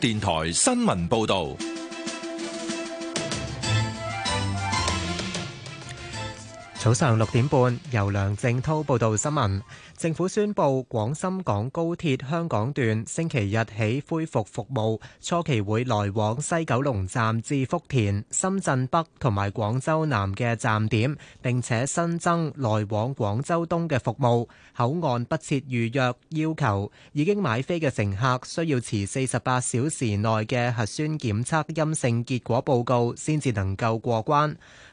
電台新聞報道。早上六點半，由梁正滔報道新聞。政府宣布，廣深港高鐵香港段星期日起恢復服務，初期會來往西九龍站至福田、深圳北同埋廣州南嘅站點，並且新增來往廣州東嘅服務。口岸不設預約要求，已經買飛嘅乘客需要持四十八小時內嘅核酸檢測陰性結果報告，先至能夠過關。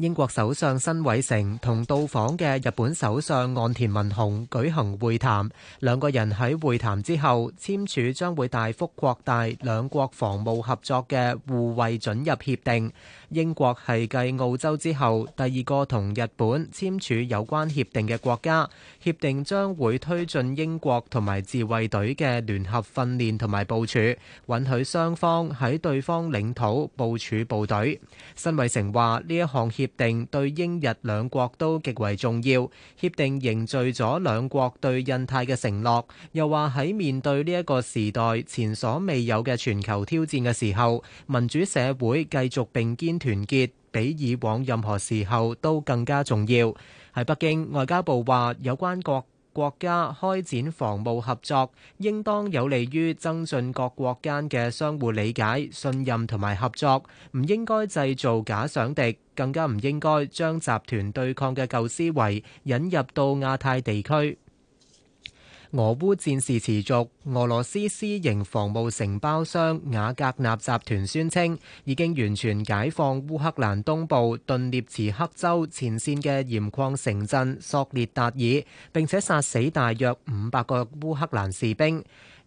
英國首相辛偉誠同到訪嘅日本首相岸田文雄舉行會談，兩個人喺會談之後簽署將會大幅擴大兩國防務合作嘅互惠准入協定。英國係繼澳洲之後第二個同日本簽署有關協定嘅國家，協定將會推進英國同埋自衛隊嘅聯合訓練同埋部署，允許雙方喺對方領土部署部隊。辛偉誠話：呢一項協定對英日兩國都極為重要，協定凝聚咗兩國對印太嘅承諾。又話喺面對呢一個時代前所未有嘅全球挑戰嘅時候，民主社會繼續並肩團結，比以往任何時候都更加重要。喺北京，外交部話有關國國家開展防務合作，應當有利於增進各國間嘅相互理解、信任同埋合作，唔應該製造假想敵，更加唔應該將集團對抗嘅舊思維引入到亞太地區。俄烏戰事持續，俄羅斯私營防務承包商瓦格納集團宣稱，已經完全解放烏克蘭東部頓涅茨克州前線嘅鹽礦城鎮索列達爾，並且殺死大約五百個烏克蘭士兵。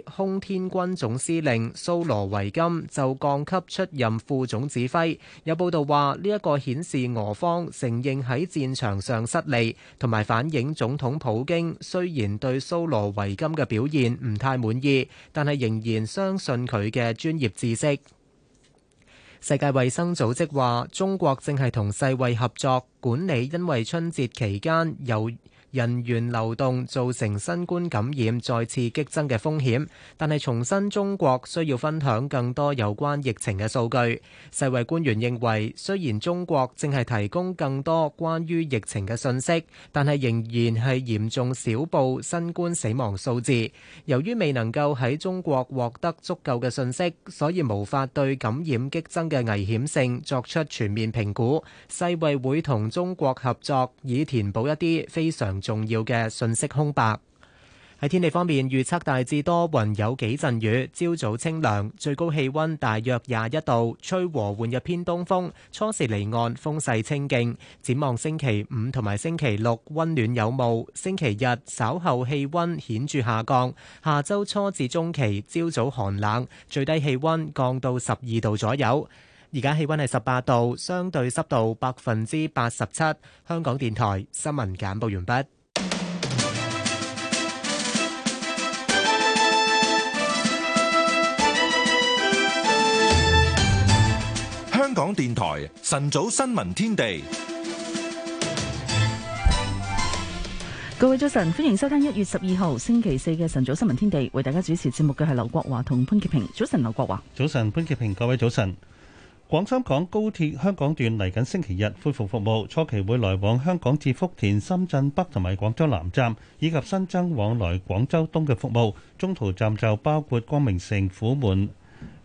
空天軍總司令蘇羅維金就降級出任副總指揮。有報道話呢一個顯示俄方承認喺戰場上失利，同埋反映總統普京雖然對蘇羅維金嘅表現唔太滿意，但係仍然相信佢嘅專業知識。世界衛生組織話，中國正係同世衛合作管理，因為春節期間有。人員流動造成新冠感染再次激增嘅風險，但係重申中國需要分享更多有關疫情嘅數據。世衛官員認為，雖然中國正係提供更多關於疫情嘅信息，但係仍然係嚴重少報新冠死亡數字。由於未能夠喺中國獲得足夠嘅信息，所以無法對感染激增嘅危險性作出全面評估。世衛會同中國合作，以填補一啲非常重要嘅信息空白。喺天氣方面，預測大致多雲，有幾陣雨。朝早清涼，最高氣溫大約廿一度，吹和緩嘅偏東風。初時離岸風勢清勁。展望星期五同埋星期六溫暖有霧，星期日稍後氣溫顯著下降。下周初至中期朝早寒冷，最低氣溫降到十二度左右。而家氣溫係十八度，相對濕度百分之八十七。香港電台新聞簡報完畢。港電台晨早新聞天地，各位早晨，歡迎收聽一月十二號星期四嘅晨早新聞天地，為大家主持節目嘅係劉國華同潘潔平。早晨，劉國華，早晨，潘潔平，各位早晨。廣深港高鐵香港段嚟緊星期日恢復服務，初期會來往香港至福田、深圳北同埋廣州南站，以及新增往來廣州東嘅服務，中途站就包括光明城、虎門。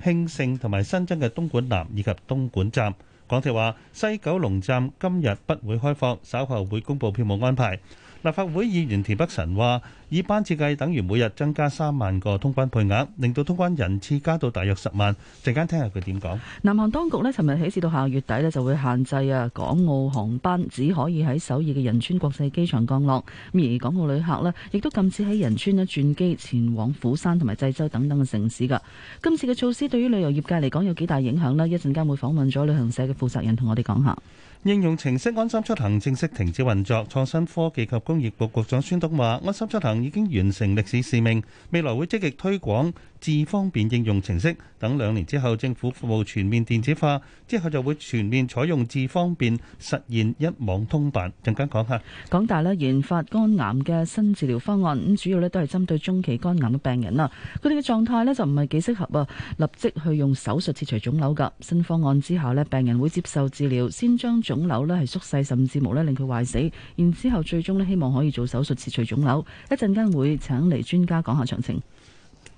慶盛同埋新增嘅東莞南以及東莞站，港鐵話，西九龍站今日不會開放，稍後會公布票務安排。立法會議員田北辰話。以班設計等於每日增加三萬個通關配額，令到通關人次加到大約十萬。陣間聽下佢點講。南韓當局咧，尋日起至到下月底咧，就會限制啊，港澳航班只可以喺首爾嘅仁川國際機場降落。咁而港澳旅客咧，亦都禁止喺仁川咧轉機前往釜山同埋濟州等等嘅城市㗎。今次嘅措施對於旅遊業界嚟講有幾大影響呢？一陣間會訪問咗旅行社嘅負責人同我哋講下。應用程式安心出行正式停止運作。創新科技及工業局局長孫東話：安心出行。已經完成歷史使命，未來會積極推廣。智方便應用程式等，兩年之後政府服務全面電子化，之後就會全面採用智方便，實現一網通辦。陣間講下。港大呢研發肝癌嘅新治療方案，咁主要呢都係針對中期肝癌嘅病人啦。佢哋嘅狀態呢就唔係幾適合啊，立即去用手術切除腫瘤㗎。新方案之後呢，病人會接受治療，先將腫瘤呢係縮細，甚至無咧令佢壞死，然之後最終呢，希望可以做手術切除腫瘤。一陣間會請嚟專家講下詳情。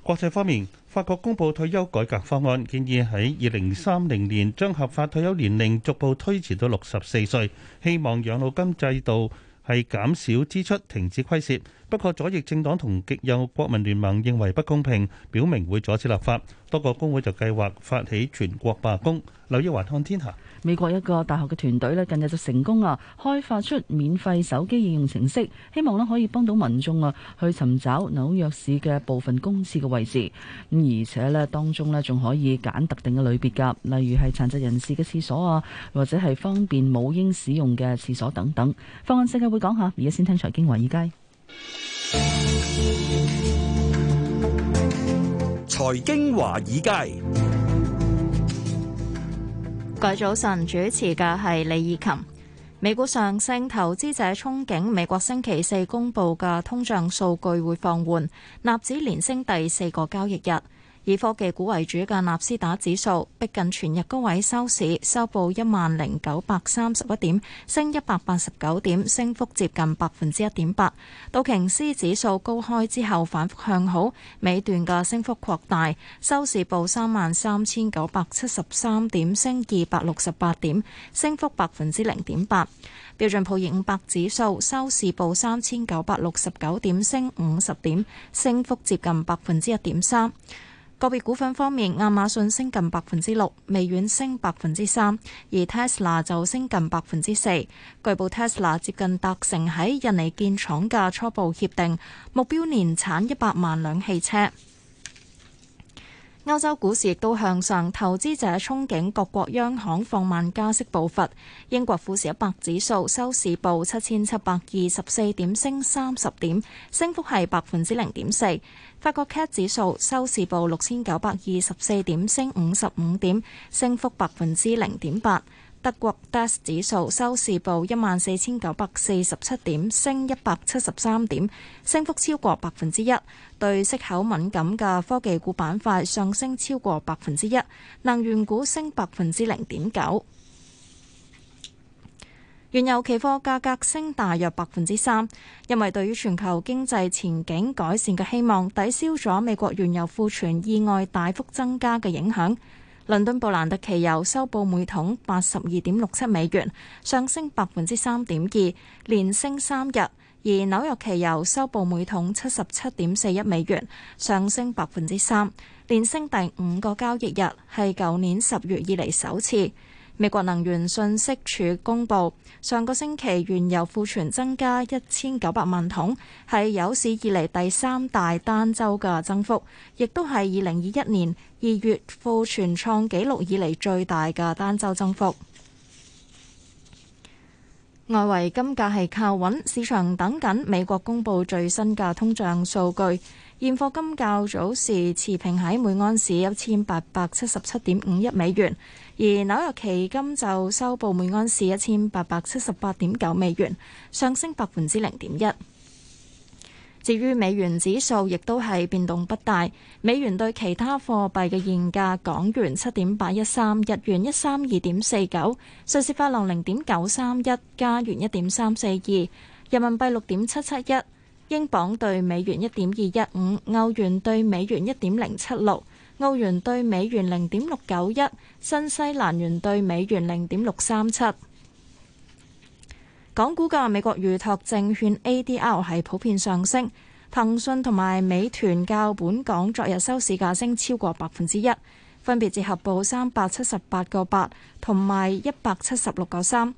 國際方面，法國公布退休改革方案，建議喺二零三零年將合法退休年齡逐步推遲到六十四歲，希望養老金制度係減少支出，停止虧蝕。不過，左翼政黨同極右國民聯盟認為不公平，表明會阻止立法。多個工會就計劃發起全國罷工。留意環看天下，美國一個大學嘅團隊咧，近日就成功啊開發出免費手機應用程式，希望咧可以幫到民眾啊去尋找紐約市嘅部分公廁嘅位置。咁而且咧當中咧仲可以揀特定嘅類別㗎，例如係殘疾人士嘅廁所啊，或者係方便母嬰使用嘅廁所等等。放眼世界會講下，而家先聽財經華爾街。財經華爾街，各位早晨，主持嘅係李以琴。美股上升，投資者憧憬美國星期四公佈嘅通脹數據會放緩，納指連升第四個交易日。以科技股為主嘅納斯達指數逼近全日高位收市，收報一萬零九百三十一點，升一百八十九點，升幅接近百分之一點八。道瓊斯指數高開之後反復向好，尾段嘅升幅擴大，收市報三萬三千九百七十三點，升二百六十八點，升幅百分之零點八。標準普爾五百指數收市報三千九百六十九點，升五十點，升幅接近百分之一點三。個別股份方面，亞馬遜升近百分之六，微軟升百分之三，而 Tesla 就升近百分之四。據報 Tesla 接近達成喺印尼建廠嘅初步協定，目標年產一百萬輛汽車。歐洲股市亦都向上，投資者憧憬各國央行放慢加息步伐。英國富時一百指數收市報七千七百二十四點，升三十點，升幅係百分之零點四。法國 CAC 指數收市報六千九百二十四點，升五十五點，升幅百分之零點八。德國 DAX 指數收市報一萬四千九百四十七點，升一百七十三點，升幅超過百分之一。對息口敏感嘅科技股板塊上升超過百分之一，能源股升百分之零點九。原油期貨價格升大約百分之三，因為對於全球經濟前景改善嘅希望抵消咗美國原油庫存意外大幅增加嘅影響。倫敦布蘭特期油收報每桶八十二點六七美元，上升百分之三點二，連升三日；而紐約期油收報每桶七十七點四一美元，上升百分之三，連升第五個交易日，係舊年十月以嚟首次。美國能源信息署公布，上個星期原油庫存增加一千九百萬桶，係有史以嚟，第三大單周嘅增幅，亦都係二零二一年二月庫存創紀錄以嚟最大嘅單周增幅。外圍金價係靠穩，市場等緊美國公布最新嘅通脹數據。現貨金較早時持平喺每安士一千八百七十七點五一美元。而紐約期金就收報每安士一千八百七十八點九美元，上升百分之零點一。至於美元指數，亦都係變動不大。美元對其他貨幣嘅現價：港元七點八一三，日元一三二點四九，瑞士法郎零點九三一，加元一點三四二，人民幣六點七七一，英鎊對美元一點二一五，歐元對美元一點零七六。澳元兌美元零點六九一，新西蘭元兌美元零點六三七。港股嘅美國預託證券 ADR 係普遍上升，騰訊同埋美團較本港昨日收市價升超過百分之一，分別折合報三百七十八個八同埋一百七十六個三。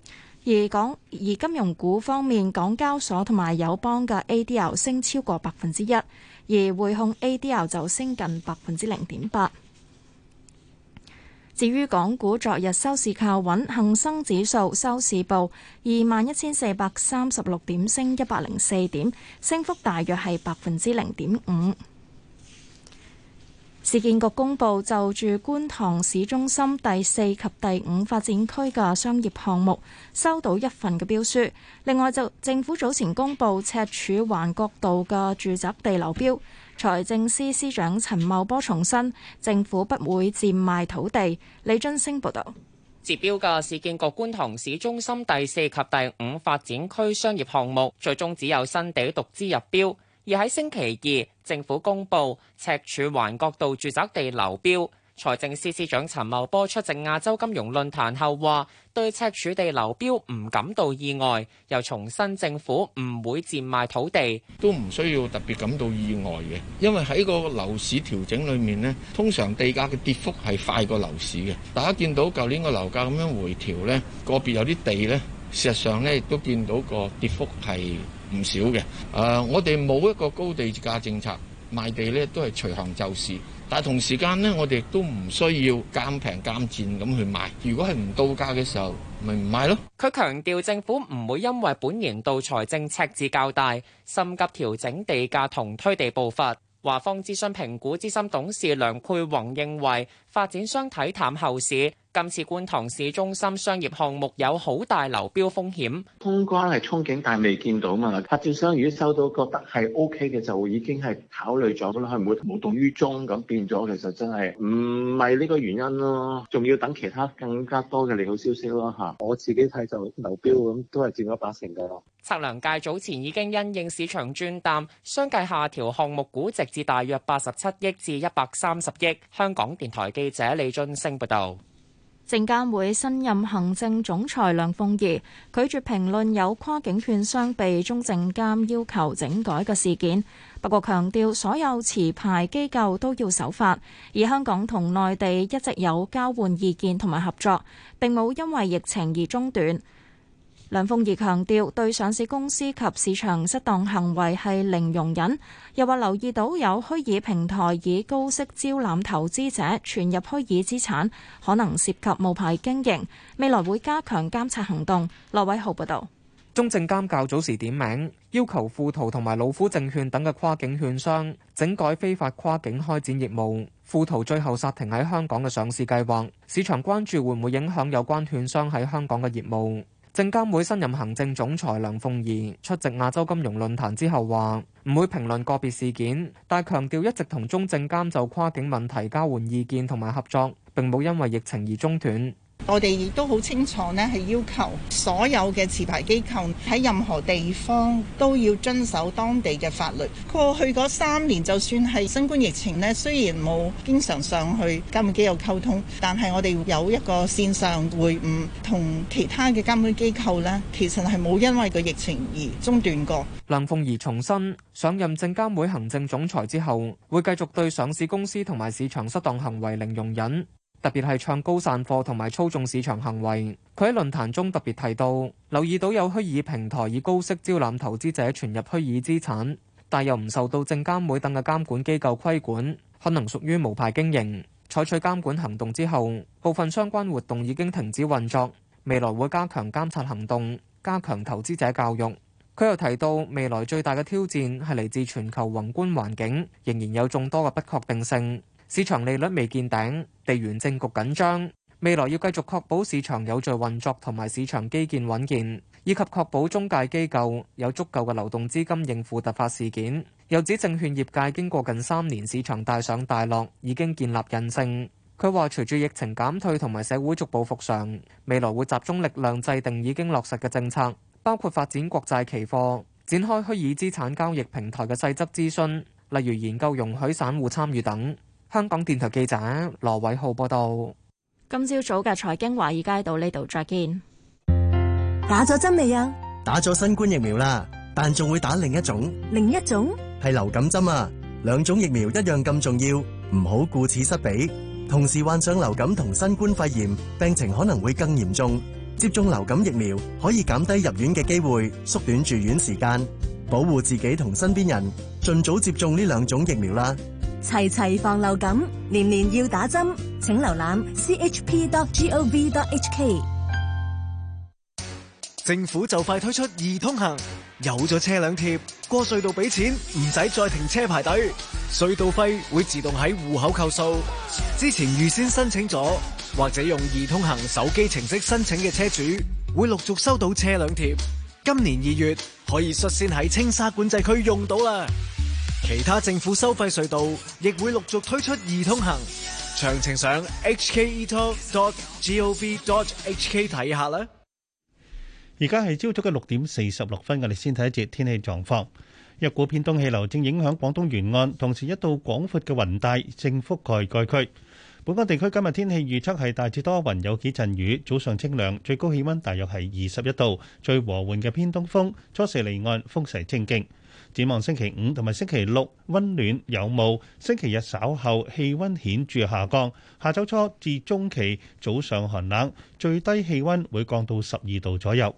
而港而金融股方面，港交所同埋友邦嘅 ADR 升超過百分之一。而匯控 A D L 就升近百分之零點八。至於港股，昨日收市靠穩，恒生指數收市報二萬一千四百三十六點，升一百零四點，升幅大約係百分之零點五。市建局公布就住觀塘市中心第四及第五發展區嘅商業項目收到一份嘅標書。另外，就政府早前公布赤柱環角道嘅住宅地樓標，財政司司，司長陳茂波重申政府不會賤賣土地。李津升報道，截標嘅市建局觀塘市中心第四及第五發展區商業項目，最終只有新地獨資入標，而喺星期二。政府公布赤柱環角道住宅地流標，財政司司長陳茂波出席亞洲金融論壇後話：對赤柱地流標唔感到意外，又重申政府唔會賤賣土地，都唔需要特別感到意外嘅，因為喺個樓市調整裏面呢通常地價嘅跌幅係快過樓市嘅。大家見到舊年個樓價咁樣回調呢個別有啲地呢，事實上呢都見到個跌幅係。唔少嘅，誒、uh，我哋冇一個高地價政策賣地咧，都係隨行就市。但係同時間咧，我哋亦都唔需要鑑平鑑賤咁去賣。如果係唔到價嘅時候，咪唔賣咯。佢強調政府唔會因為本年度財政赤字較大，心急調整地價同推地步伐。華方諮詢評估資深董事梁佩宏認為。發展商睇淡後市，今次觀塘市中心商業項目有好大流標風險。通關係憧憬，但未見到嘛。拍照商如果收到覺得係 OK 嘅，就已經係考慮咗啦，佢唔會無動於衷咁變咗。其實真係唔係呢個原因咯，仲要等其他更加多嘅利好消息咯吓。我自己睇就流標咁都係佔咗八成㗎。測量界早前已經因應市場轉淡，相繼下調項目估值至大約八十七億至一百三十億。香港電台。記者李俊升報道，證監會新任行政總裁梁鳳儀拒絕評論有跨境券商被中證監要求整改嘅事件，不過強調所有持牌機構都要守法，而香港同內地一直有交換意見同埋合作，並冇因為疫情而中斷。梁鳳儀強調，對上市公司及市場失當行為係零容忍，又話留意到有虛擬平台以高息招攬投資者，存入虛擬資產，可能涉及無牌經營，未來會加強監察行動。羅偉豪報道，中證監較早時點名要求富途同埋老虎證券等嘅跨境券商整改非法跨境開展業務。富途最後殺停喺香港嘅上市計劃，市場關注會唔會影響有關券商喺香港嘅業務。證監會新任行政總裁梁鳳儀出席亞洲金融論壇之後話唔會評論個別事件，但強調一直同中證監就跨境問題交換意見同埋合作，並冇因為疫情而中斷。我哋亦都好清楚呢，係要求所有嘅持牌機構喺任何地方都要遵守當地嘅法律。過去嗰三年，就算係新冠疫情呢，雖然冇經常上去監管機構溝通，但係我哋有一個線上會晤同其他嘅監管機構呢，其實係冇因為個疫情而中斷過。梁鳳儀重申，上任證監會行政總裁之後，會繼續對上市公司同埋市場失當行為零容忍。特別係唱高散貨同埋操縱市場行為。佢喺論壇中特別提到，留意到有虛擬平台以高息招攬投資者存入虛擬資產，但又唔受到證監會等嘅監管機構規管，可能屬於無牌經營。採取監管行動之後，部分相關活動已經停止運作，未來會加強監察行動，加強投資者教育。佢又提到，未來最大嘅挑戰係嚟自全球宏觀環境，仍然有眾多嘅不確定性。市場利率未見頂，地緣政局緊張，未來要繼續確保市場有序運作同埋市場基建穩健，以及確保中介機構有足夠嘅流動資金應付突發事件。又指證券業界經過近三年市場大上大落，已經建立韌性。佢話：隨住疫情減退同埋社會逐步復常，未來會集中力量制定已經落實嘅政策，包括發展國債期貨、展開虛擬資產交易平台嘅細則諮詢，例如研究容許散戶參與等。香港電台記者羅偉浩報道：今朝早嘅財經華爾街到呢度再見。打咗針未啊？打咗新冠疫苗啦，但仲會打另一種。另一種係流感針啊！兩種疫苗一樣咁重要，唔好顧此失彼。同時患上流感同新冠肺炎，病情可能會更嚴重。接種流感疫苗可以減低入院嘅機會，縮短住院時間，保護自己同身邊人。盡早接種呢兩種疫苗啦。齊齊防流感，年年要打針，請瀏覽 chp.gov.hk。政府就快推出易通行，有咗車輛貼，過隧道俾錢，唔使再停車排隊，隧道費會自動喺戶口扣數。之前預先申請咗或者用易通行手機程式申請嘅車主，會陸續收到車輛貼，今年二月可以率先喺青沙管制區用到啦。其他政府收費隧道亦會陸續推出易通行，詳情上 hketo.gov.hk 睇下啦。而家係朝早嘅六點四十六分，我哋先睇一節天氣狀況。一股偏東氣流正影響廣東沿岸，同時一道廣闊嘅雲帶正覆蓋該區。本港地區今日天氣預測係大致多雲，有幾陣雨，早上清涼，最高氣溫大約係二十一度，最和緩嘅偏東風初時離岸，風勢清勁。展望星期五同埋星期六溫暖有霧，星期日稍後氣溫顯著下降。下周初至中期早上寒冷，最低氣溫會降到十二度左右。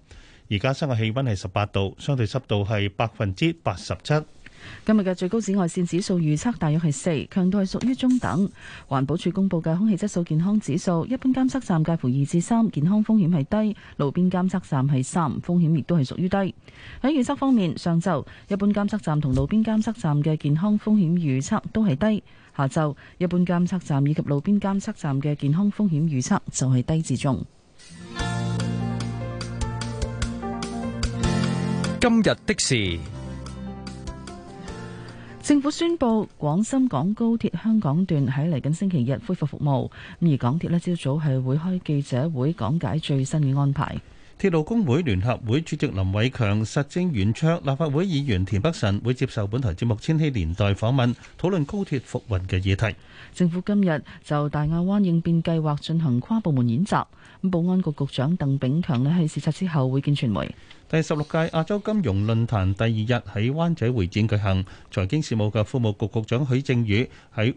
而家室外氣溫係十八度，相對濕度係百分之八十七。今日嘅最高紫外線指數預測大約係四，強度係屬於中等。環保署公布嘅空氣質素健康指數，一般監測站介乎二至三，健康風險係低；路邊監測站係三，風險亦都係屬於低。喺預測方面，上晝一般監測站同路邊監測站嘅健康風險預測都係低；下晝一般監測站以及路邊監測站嘅健康風險預測就係低至中。今日的事。政府宣布廣深港高鐵香港段喺嚟緊星期日恢復服務，咁而港鐵咧朝早係會開記者會講解最新嘅安排。鐵路工會聯合會主席林偉強、實政圓桌、立法會議員田北辰會接受本台節目《千禧年代》訪問，討論高鐵復運嘅議題。政府今日就大亞灣應變計劃進行跨部門演習。保安局局長鄧炳強咧喺視察之後會見傳媒。第十六屆亞洲金融論壇第二日喺灣仔會展舉行，財經事務及庫務局局長許正宇喺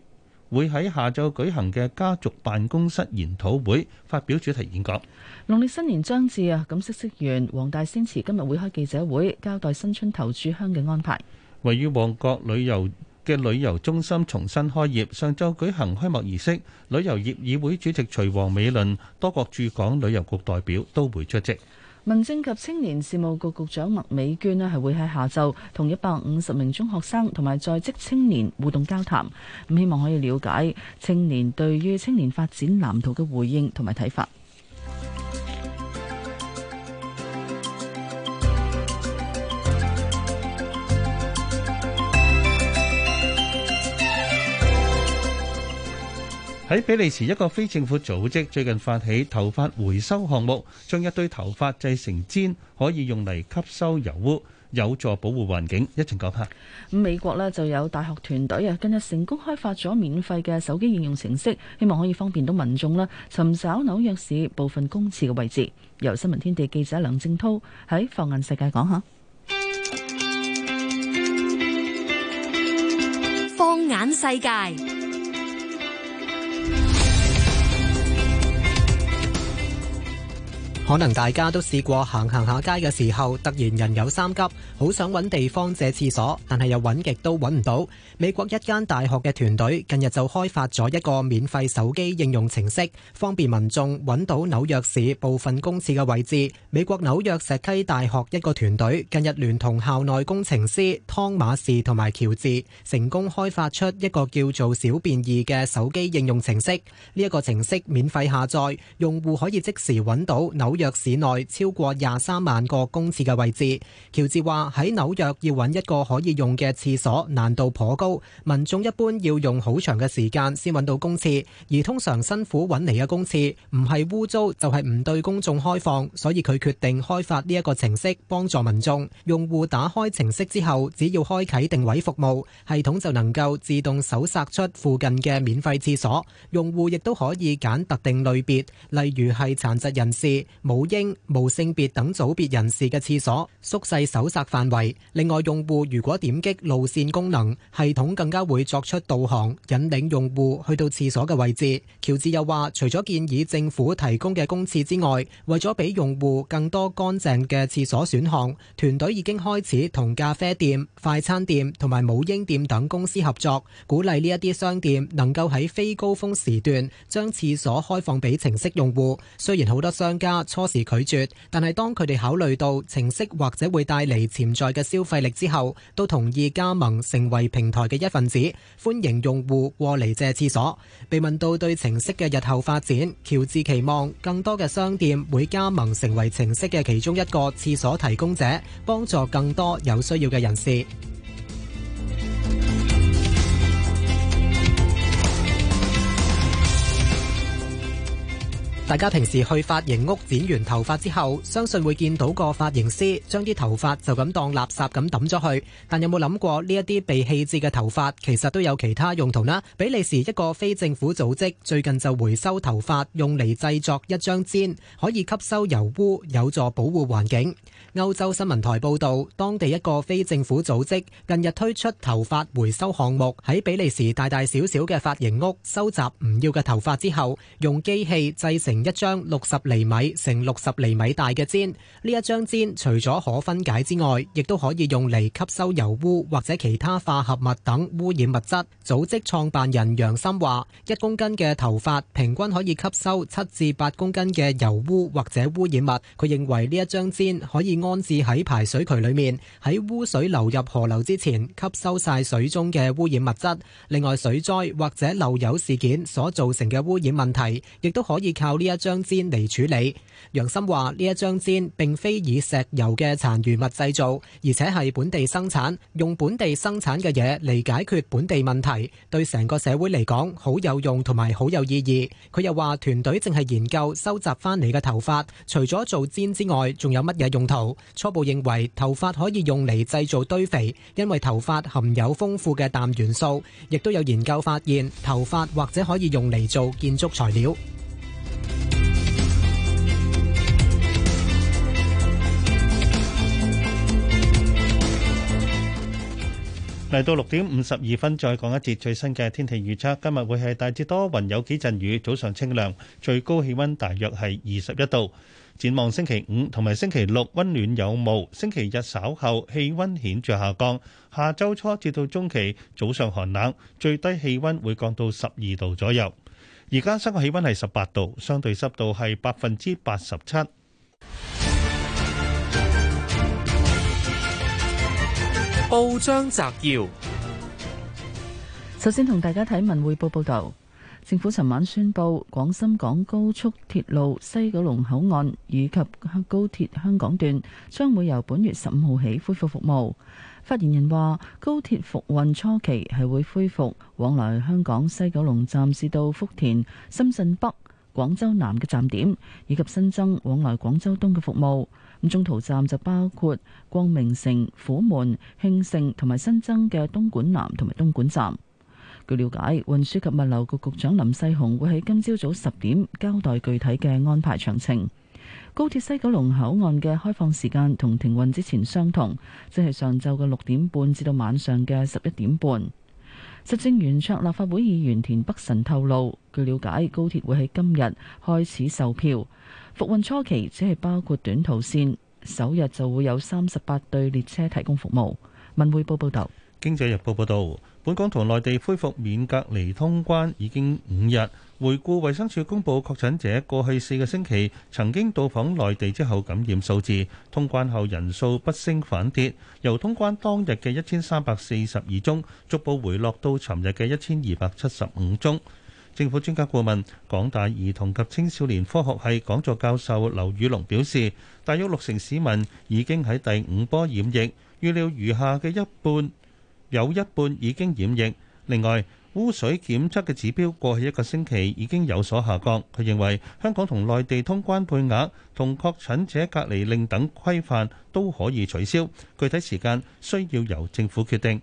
會喺下晝舉行嘅家族辦公室研討會發表主題演講。農曆新年將至啊，咁嗇色園黃大仙祠今日會開記者會交代新春頭柱香嘅安排。位於旺角旅遊嘅旅遊中心重新開業，上周舉行開幕儀式，旅遊業議會主席徐王美倫，多國駐港旅遊局代表都會出席。民政及青年事務局局長麥美娟呢係會喺下晝同一百五十名中學生同埋在職青年互動交談，咁希望可以了解青年對於青年發展藍圖嘅回應同埋睇法。喺比利時，一個非政府組織最近發起頭髮回收項目，將一堆頭髮製成氈，可以用嚟吸收油污，有助保護環境。一陣講下。咁美國咧，就有大學團隊啊，近日成功開發咗免費嘅手機應用程式，希望可以方便到民眾啦，尋找紐約市部分公廁嘅位置。由新聞天地記者梁正濤喺放眼世界講下。放眼世界。可能大家都試過行行下街嘅時候，突然人有三急，好想揾地方借廁所，但係又揾極都揾唔到。美國一間大學嘅團隊近日就開發咗一個免費手機應用程式，方便民眾揾到紐約市部分公廁嘅位置。美國紐約石溪大學一個團隊近日聯同校內工程師湯馬士同埋喬治，成功開發出一個叫做小便宜嘅手機應用程式。呢、這、一個程式免費下載，用戶可以即時揾到紐。紐約市內超過廿三萬個公廁嘅位置。喬治話喺紐約要揾一個可以用嘅廁所難度頗高，民眾一般要用好長嘅時間先揾到公廁，而通常辛苦揾嚟嘅公廁唔係污糟就係唔對公眾開放，所以佢決定開發呢一個程式幫助民眾。用戶打開程式之後，只要開啟定位服務，系統就能夠自動搜索出附近嘅免費廁所，用戶亦都可以揀特定類別，例如係殘疾人士、母嬰、無性別等組別人士嘅廁所縮細搜索範圍。另外，用戶如果點擊路線功能，系統更加會作出導航，引領用戶去到廁所嘅位置。喬治又話，除咗建議政府提供嘅公廁之外，為咗俾用戶更多乾淨嘅廁所選項，團隊已經開始同咖啡店、快餐店同埋母嬰店等公司合作，鼓勵呢一啲商店能夠喺非高峰時段將廁所開放俾程式用戶。雖然好多商家，初時拒絕，但係當佢哋考慮到程式或者會帶嚟潛在嘅消費力之後，都同意加盟成為平台嘅一份子，歡迎用戶過嚟借廁所。被問到對程式嘅日後發展，喬治期望更多嘅商店會加盟成為程式嘅其中一個廁所提供者，幫助更多有需要嘅人士。大家平時去髮型屋剪完頭髮之後，相信會見到個髮型師將啲頭髮就咁當垃圾咁抌咗去。但有冇諗過呢一啲被棄置嘅頭髮，其實都有其他用途呢？比利時一個非政府組織最近就回收頭髮，用嚟製作一張氈，可以吸收油污，有助保護環境。歐洲新聞台報道，當地一個非政府組織近日推出頭髮回收項目，喺比利時大大小小嘅髮型屋收集唔要嘅頭髮之後，用機器製成一張六十厘米乘六十厘米大嘅氈。呢一張氈除咗可分解之外，亦都可以用嚟吸收油污或者其他化合物等污染物質。組織創辦人楊森話，一公斤嘅頭髮平均可以吸收七至八公斤嘅油污或者污染物。佢認為呢一張氈可以安置喺排水渠裏面，喺污水流入河流之前吸收晒水中嘅污染物質。另外，水災或者漏油事件所造成嘅污染問題，亦都可以靠呢一張氈嚟處理。楊森話：呢一張氈並非以石油嘅殘餘物製造，而且係本地生產，用本地生產嘅嘢嚟解決本地問題，對成個社會嚟講好有用同埋好有意義。佢又話：團隊正係研究收集翻嚟嘅頭髮，除咗做氈之外，仲有乜嘢用途？初步認為，頭髮可以用嚟製造堆肥，因為頭髮含有豐富嘅氮元素，亦都有研究發現，頭髮或者可以用嚟做建築材料。嚟到六點五十二分，再講一節最新嘅天氣預測。今日會係大致多雲，有幾陣雨，早上清涼，最高氣温大約係二十一度。展望星期五同埋星期六温暖有霧，星期日稍後氣温顯著下降。下周初至到中期早上寒冷，最低氣温會降到十二度左右。而家室外氣温係十八度，相對濕度係百分之八十七。報章摘要。首先同大家睇文匯報報道，政府尋晚宣布，廣深港高速鐵路西九龍口岸以及高鐵香港段將會由本月十五號起恢復服務。發言人話，高鐵復運初期係會恢復往來香港西九龍站至到福田、深圳北、廣州南嘅站點，以及新增往來廣州東嘅服務。中途站就包括光明城、虎門、慶盛同埋新增嘅東莞南同埋東莞站。據了解，運輸及物流局局長林世雄會喺今朝早十點交代具體嘅安排詳情。高鐵西九龍口岸嘅開放時間同停運之前相同，即係上晝嘅六點半至到晚上嘅十一點半。實政圓桌立法會議員田北辰透露，據了解，高鐵會喺今日開始售票。復運初期只係包括短途線，首日就會有三十八對列車提供服務。文匯報報道。經濟日報報道，本港同內地恢復免隔離通關已經五日。回顧衞生署公佈確診者過去四個星期曾經到訪內地之後感染數字，通關後人數不升反跌，由通關當日嘅一千三百四十二宗逐步回落到尋日嘅一千二百七十五宗。政府專家顧問、港大兒童及青少年科學系講座教授劉宇龍表示，大約六成市民已經喺第五波染疫，預料餘下嘅一半有一半已經染疫。另外，污水檢測嘅指標過去一個星期已經有所下降。佢認為香港同內地通關配額同確診者隔離令等規範都可以取消，具體時間需要由政府決定。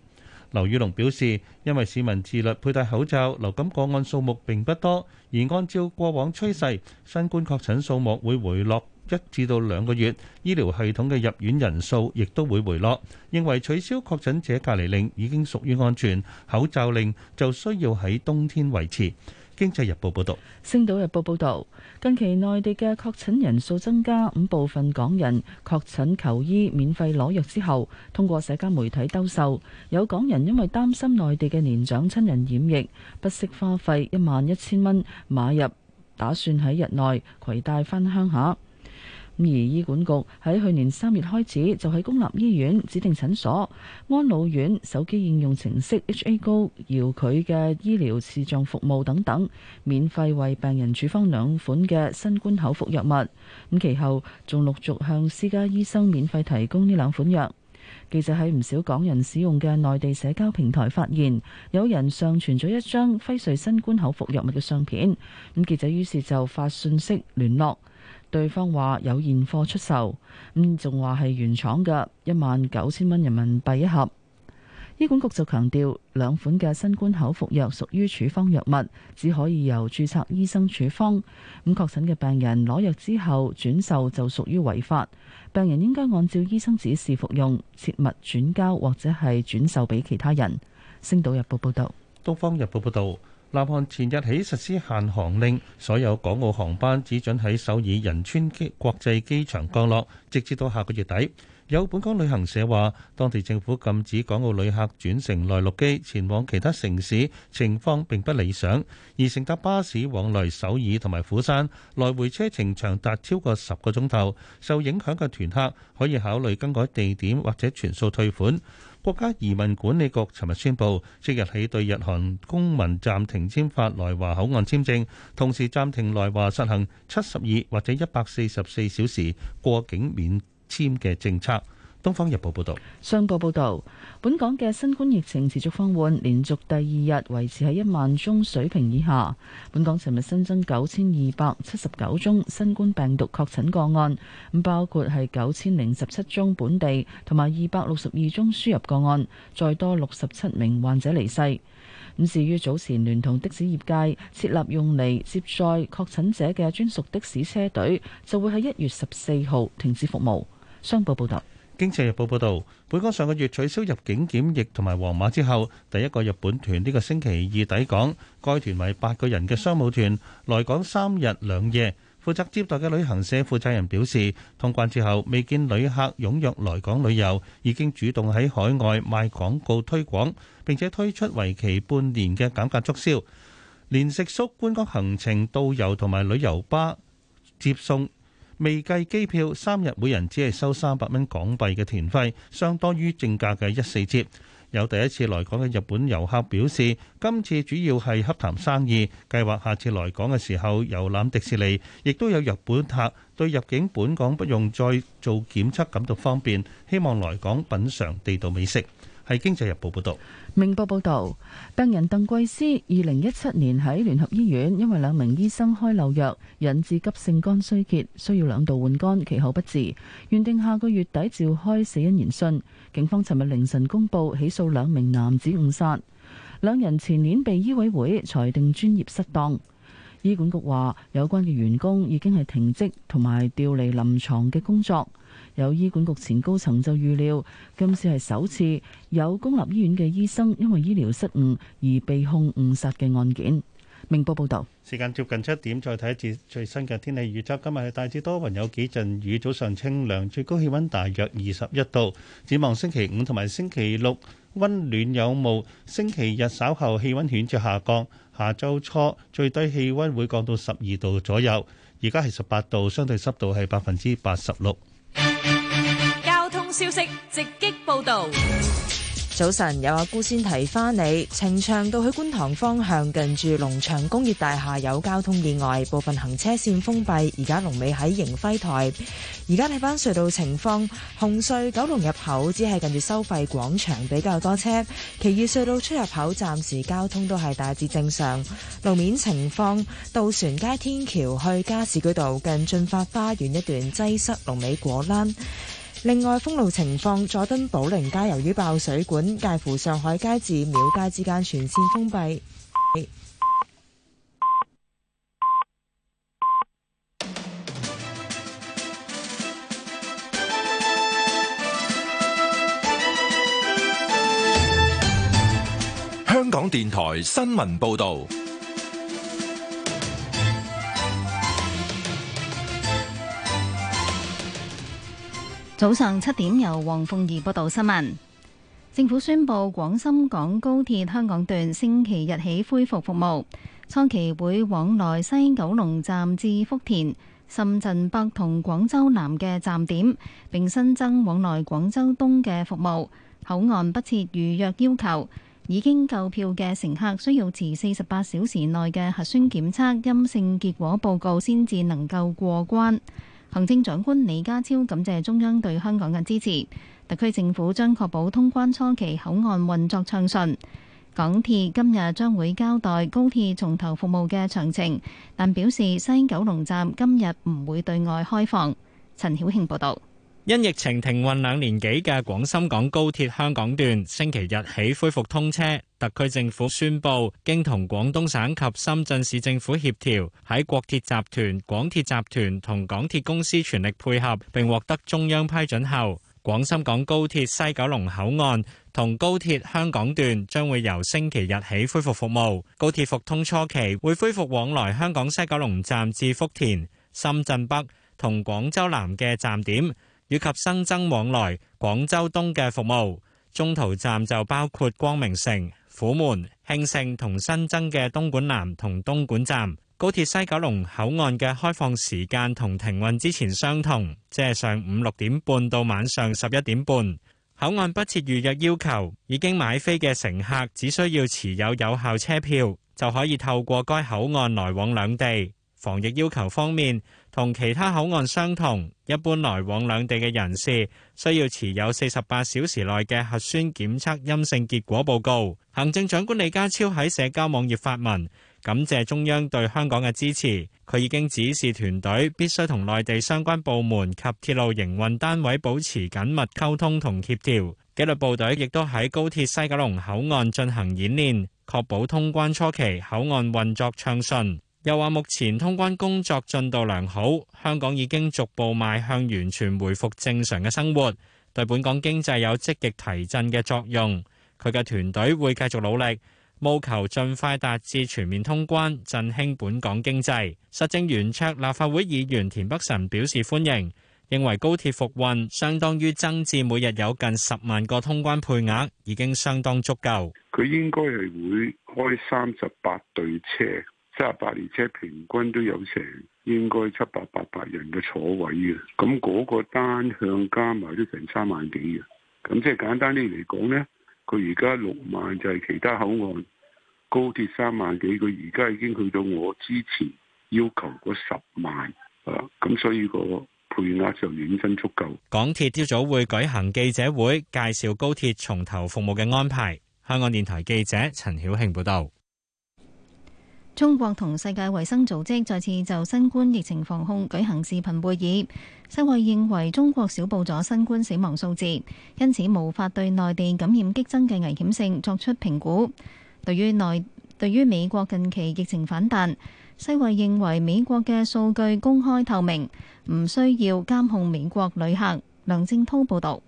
劉宇龍表示，因為市民自律佩戴口罩，流感個案數目並不多，而按照過往趨勢，新冠確診數目會回落一至到兩個月，醫療系統嘅入院人數亦都會回落。認為取消確診者隔離令已經屬於安全，口罩令就需要喺冬天維持。經濟日報報道，星島日報報道，近期內地嘅確診人數增加，五部分港人確診求醫，免費攞藥之後，通過社交媒體兜售，有港人因為擔心內地嘅年長親人染疫，不惜花費一萬一千蚊買入，打算喺日內携帶返鄉下。而醫管局喺去年三月開始，就喺公立醫院指定診所、安老院、手機應用程式 HA 高、遙距嘅醫療視像服務等等，免費為病人處方兩款嘅新冠口服藥物。咁其後仲陸續向私家醫生免費提供呢兩款藥。記者喺唔少港人使用嘅內地社交平台發現，有人上傳咗一張輝瑞新冠口服藥物嘅相片。咁記者於是就發信息聯絡。對方話有現貨出售，咁仲話係原廠嘅，一萬九千蚊人民幣一盒。醫管局就強調，兩款嘅新冠口服藥屬於處方藥物，只可以由註冊醫生處方。咁確診嘅病人攞藥之後轉售就屬於違法。病人應該按照醫生指示服用，切勿轉交或者係轉售俾其他人。星島日報報道。東方日報報道。南韓前日起實施限航令，所有港澳航班只准喺首爾仁川機國際機場降落，直至到下個月底。有本港旅行社話，當地政府禁止港澳旅客轉乘內陸機前往其他城市，情況並不理想。而乘搭巴士往來首爾同埋釜山，來回車程長達超過十個鐘頭。受影響嘅團客可以考慮更改地點或者全數退款。國家移民管理局尋日宣布，即日起對日韓公民暫停簽發來華口岸簽證，同時暫停來華實行七十二或者一百四十四小時過境免簽嘅政策。《東方日報》報道。商報報導。本港嘅新冠疫情持續放緩，連續第二日維持喺一萬宗水平以下。本港尋日新增九千二百七十九宗新冠病毒確診個案，咁包括係九千零十七宗本地同埋二百六十二宗輸入個案，再多六十七名患者離世。咁至於早前聯同的士業界設立用嚟接載確診者嘅專屬的士車隊，就會喺一月十四號停止服務。商報報道。《經濟日報》報導，本港上個月取消入境檢疫同埋黃碼之後，第一個日本團呢個星期二抵港。該團為八個人嘅商務團，來港三日兩夜。負責接待嘅旅行社負責人表示，通關之後未見旅客踴躍來港旅遊，已經主動喺海外賣廣告推廣，並且推出為期半年嘅減價促銷，連食宿、觀光行程、導遊同埋旅遊巴接送。未計機票，三日每人只係收三百蚊港幣嘅團費，相當於正價嘅一四折。有第一次來港嘅日本遊客表示，今次主要係洽談生意，計劃下次來港嘅時候遊覽迪士尼。亦都有日本客對入境本港不用再做檢測感到方便，希望來港品嘗地道美食。係《經濟日報》報導，《明報》報道，病人鄧桂思，二零一七年喺聯合醫院，因為兩名醫生開漏藥，引致急性肝衰竭，需要兩度換肝，其後不治。原定下個月底召開死因研訊，警方尋日凌晨公佈起訴兩名男子誤殺，兩人前年被醫委會裁定專業失當，醫管局話有關嘅員工已經係停職同埋調離臨床嘅工作。有醫管局前高層就預料，今次係首次有公立醫院嘅醫生因為醫療失誤而被控誤殺嘅案件。明報報道，時間接近七點，再睇一次最新嘅天氣預測。今日係大致多雲，有幾陣雨，早上清涼，最高氣溫大約二十一度。展望星期五同埋星期六溫暖有霧，星期日稍後氣溫顯著下降，下周初最低氣溫會降到十二度左右。而家係十八度，相對濕度係百分之八十六。消息直擊報道。早晨，有阿姑先提翻你，呈祥到去觀塘方向，近住龍翔工業大廈有交通意外，部分行車線封閉。而家龍尾喺迎輝台。而家睇翻隧道情況，紅隧九龍入口只係近住收費廣場比較多車，其餘隧道出入口暫時交通都係大致正常。路面情況，渡船街天橋去加士居道近駿發花園一段擠塞果，龍尾果欄。另外，封路情況，佐敦寶靈街由於爆水管，介乎上海街至廟街之間全線封閉。香港電台新聞報導。早上七點，由黃鳳儀報道新聞。政府宣布廣深港高鐵香港段星期日起恢復服務，初期會往來西九龍站至福田、深圳北同廣州南嘅站點，並新增往來廣州東嘅服務。口岸不設預約要求，已經購票嘅乘客需要持四十八小時內嘅核酸檢測陰性結果報告，先至能夠過關。行政長官李家超感謝中央對香港嘅支持，特區政府將確保通關初期口岸運作暢順。港鐵今日將會交代高鐵重投服務嘅詳情，但表示西九龍站今日唔會對外開放。陳曉慶報道。因疫情停運兩年幾嘅廣深港高鐵香港段，星期日起恢復通車。特區政府宣佈，經同廣東省及深圳市政府協調，喺國鐵集團、廣鐵集團同港鐵公司全力配合，並獲得中央批准後，廣深港高鐵西九龍口岸同高鐵香港段將會由星期日起恢復服務。高鐵復通初期會恢復往來香港西九龍站至福田、深圳北同廣州南嘅站點。以及新增往來廣州東嘅服務，中途站就包括光明城、虎門、慶盛同新增嘅東莞南同東莞站。高鐵西九龍口岸嘅開放時間同停運之前相同，即係上午六點半到晚上十一點半。口岸不設預約要求，已經買飛嘅乘客只需要持有有效車票就可以透過該口岸來往兩地。防疫要求方面，同其他口岸相同，一般來往兩地嘅人士需要持有四十八小時內嘅核酸檢測陰性結果報告。行政長官李家超喺社交網頁發文，感謝中央對香港嘅支持。佢已經指示團隊必須同內地相關部門及鐵路營運單位保持緊密溝通同協調。紀律部隊亦都喺高鐵西九龍口岸進行演練，確保通關初期口岸運作暢順。又話目前通關工作進度良好，香港已經逐步邁向完全回復正常嘅生活，對本港經濟有積極提振嘅作用。佢嘅團隊會繼續努力，務求盡快達至全面通關，振興本港經濟。實政圓桌立法會議員田北辰表示歡迎，認為高鐵復運相當於增至每日有近十萬個通關配額，已經相當足夠。佢應該係會開三十八對車。三十八列車平均都有成應該七八百人嘅坐位嘅，咁嗰個單向加埋都成三萬幾嘅。咁即係簡單啲嚟講呢，佢而家六萬就係其他口岸高鐵三萬幾，佢而家已經去到我之前要求嗰十萬啊。咁所以個配額就遠真足夠。港鐵朝早會舉行記者會，介紹高鐵重投服務嘅安排。香港電台記者陳曉慶報道。中國同世界衛生組織再次就新冠疫情防控舉行視頻會議。世衛認為中國少報咗新冠死亡數字，因此無法對內地感染激增嘅危險性作出評估。對於內對於美國近期疫情反彈，世衛認為美國嘅數據公開透明，唔需要監控美國旅客。梁正濤報道。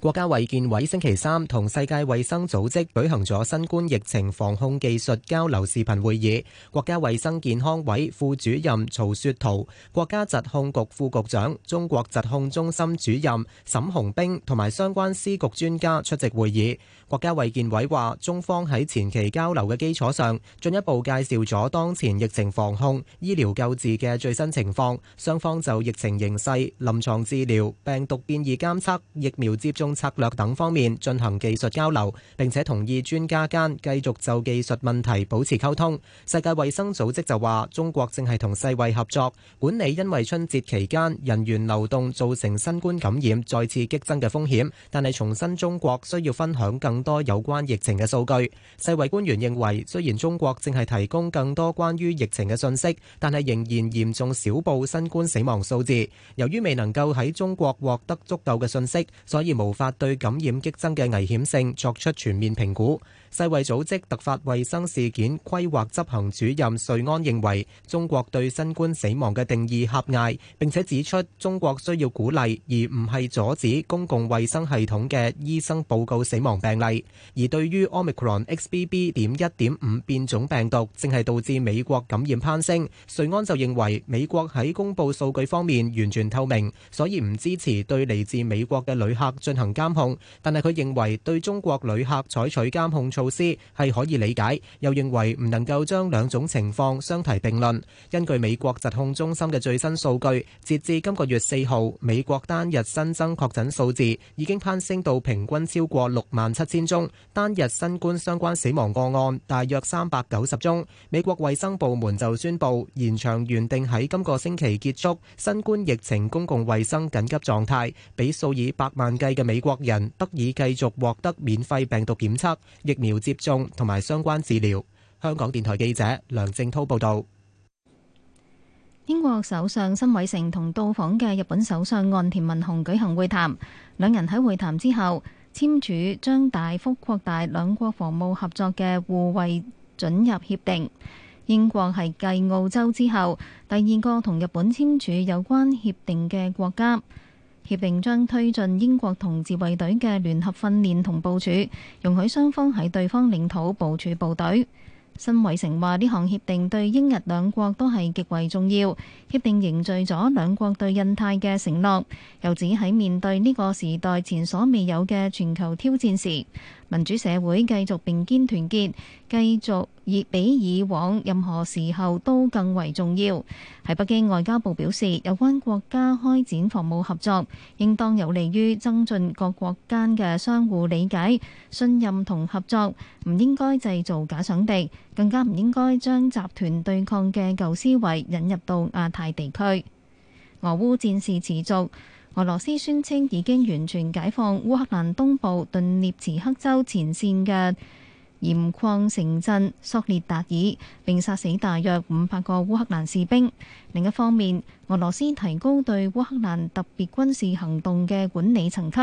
國家衛健委星期三同世界衛生組織舉行咗新冠疫情防控技術交流視頻會議，國家衛生健康委副主任曹雪濤、國家疾控局副局長、中國疾控中心主任沈洪兵同埋相關司局專家出席會議。國家衛健委話，中方喺前期交流嘅基礎上，進一步介紹咗當前疫情防控、醫療救治嘅最新情況，雙方就疫情形勢、臨床治療、病毒變異監測、疫苗接種、策略等方面進行技術交流，並且同意專家間繼續就技術問題保持溝通。世界衛生組織就話，中國正係同世衛合作，管理因為春節期間人員流動造成新冠感染再次激增嘅風險。但係重申中國需要分享更多有關疫情嘅數據。世衛官員認為，雖然中國正係提供更多關於疫情嘅信息，但係仍然嚴重少報新冠死亡數字。由於未能夠喺中國獲得足夠嘅信息，所以無法。法對感染激增嘅危險性作出全面評估。世衛組織突發衛生事件規劃執行主任瑞安認為，中國對新冠死亡嘅定義狹隘，並且指出中國需要鼓勵而唔係阻止公共衛生系統嘅醫生報告死亡病例。而對於 Omicron XBB.1.5 變種病毒正係導致美國感染攀升，瑞安就認為美國喺公佈數據方面完全透明，所以唔支持對嚟自美國嘅旅客進行監控。但係佢認為對中國旅客採取監控。措施係可以理解，又認為唔能夠將兩種情況相提並論。根據美國疾控中心嘅最新數據，截至今個月四號，美國單日新增確診數字已經攀升到平均超過六萬七千宗，單日新冠相關死亡個案大約三百九十宗。美國衛生部門就宣布延長原定喺今個星期結束新冠疫情公共衛生緊急狀態，俾數以百萬計嘅美國人得以繼續獲得免費病毒檢測疫苗苗接種同埋相關治療。香港電台記者梁正濤報道。英國首相辛偉成同到訪嘅日本首相岸田文雄舉行會談，兩人喺會談之後簽署將大幅擴大兩國防務合作嘅互惠准入協定。英國係繼澳洲之後第二個同日本簽署有關協定嘅國家。協定將推進英國同自衛隊嘅聯合訓練同部署，容許雙方喺對方領土部署部隊。新偉成話呢項協定對英日兩國都係極為重要，協定凝聚咗兩國對印太嘅承諾。又指喺面對呢個時代前所未有嘅全球挑戰時。民主社會繼續並肩團結，繼續以比以往任何時候都更為重要。喺北京外交部表示，有關國家開展防務合作，應當有利於增進各國間嘅相互理解、信任同合作，唔應該製造假想敵，更加唔應該將集團對抗嘅舊思維引入到亞太地區。俄烏戰事持續。俄羅斯宣稱已經完全解放烏克蘭東部頓涅茨克州前線嘅鹽礦城鎮索列達爾，並殺死大約五百個烏克蘭士兵。另一方面，俄羅斯提高對烏克蘭特別軍事行動嘅管理層級，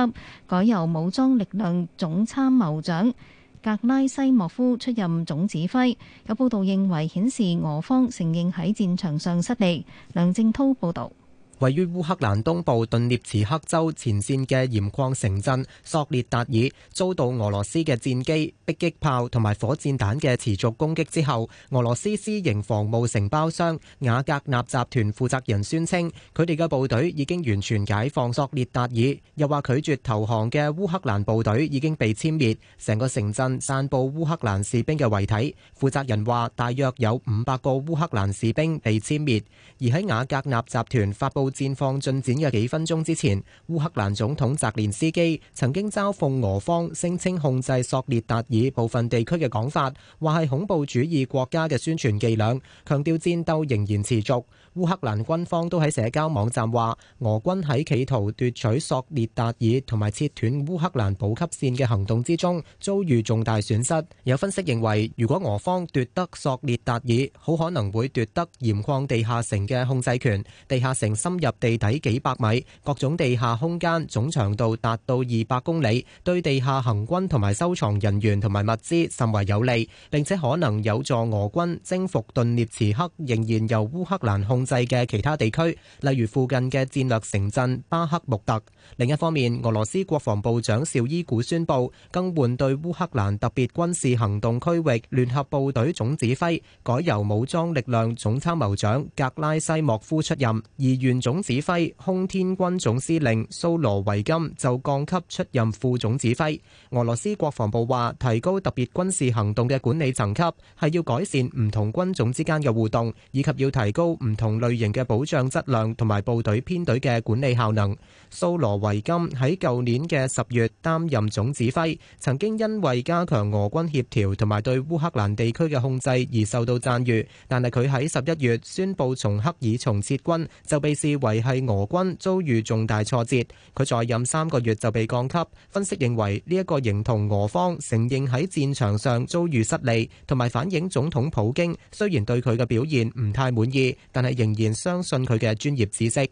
改由武裝力量總參謀長格拉西莫夫出任總指揮。有報道認為顯示俄方承認喺戰場上失利。梁正滔報道。位於烏克蘭東部頓涅茨克州前線嘅鹽礦城鎮索列達爾遭到俄羅斯嘅戰機、迫擊炮同埋火箭彈嘅持續攻擊之後，俄羅斯私營防務承包商雅格納集團負責人宣稱，佢哋嘅部隊已經完全解放索列達爾，又話拒絕投降嘅烏克蘭部隊已經被殲滅，成個城鎮散佈烏克蘭士兵嘅遺體。負責人話，大約有五百個烏克蘭士兵被殲滅，而喺雅格納集團發布戰況進展嘅幾分鐘之前，烏克蘭總統澤連斯基曾經嘲諷俄方聲稱控制索列達爾部分地區嘅講法，話係恐怖主義國家嘅宣傳伎倆，強調戰鬥仍然持續。烏克蘭軍方都喺社交網站話，俄軍喺企圖奪取索列達爾同埋切斷烏克蘭補給線嘅行動之中遭遇重大損失。有分析認為，如果俄方奪得索列達爾，好可能會奪得鹽礦地下城嘅控制權。地下城深入地底幾百米，各種地下空間總長度達到二百公里，對地下行軍同埋收藏人員同埋物資甚為有利，並且可能有助俄軍征服頓涅茨克，仍然由烏克蘭控制。制嘅其他地區，例如附近嘅戰略城鎮巴克穆特。另一方面，俄羅斯國防部長紹伊古宣布更換對烏克蘭特別軍事行動區域聯合部隊總指揮，改由武裝力量總參謀長格拉西莫夫出任，而原總指揮空天軍總司令蘇羅維金就降級出任副總指揮。俄羅斯國防部話，提高特別軍事行動嘅管理層級係要改善唔同軍種之間嘅互動，以及要提高唔同類型嘅保障質量同埋部隊編隊嘅管理效能。蘇羅維金喺舊年嘅十月擔任總指揮，曾經因為加強俄軍協調同埋對烏克蘭地區嘅控制而受到讚譽。但係佢喺十一月宣布從克爾松撤軍，就被視為係俄軍遭遇重大挫折。佢在任三個月就被降級。分析認為呢一個形同俄方承認喺戰場上遭遇失利，同埋反映總統普京雖然對佢嘅表現唔太滿意，但係。仍然相信佢嘅專業知識。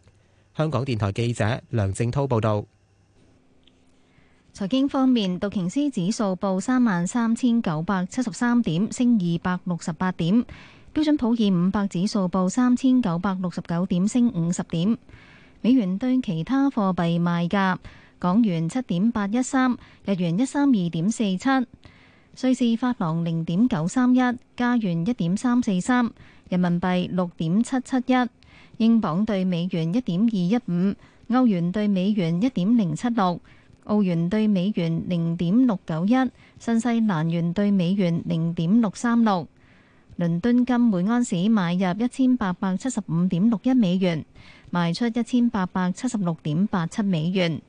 香港電台記者梁正濤報道。財經方面，道瓊斯指數報三萬三千九百七十三點升二百六十八點，標準普爾五百指數報三千九百六十九點升五十點，美元對其他貨幣賣價港元七點八一三，日元一三二點四七，瑞士法郎零點九三一，加元一點三四三。人民幣六點七七一，英鎊兌美元一點二一五，歐元兌美元一點零七六，澳元兌美元零點六九一，新西蘭元兌美元零點六三六。倫敦金每安士買入一千八百七十五點六一美元，賣出一千八百七十六點八七美元。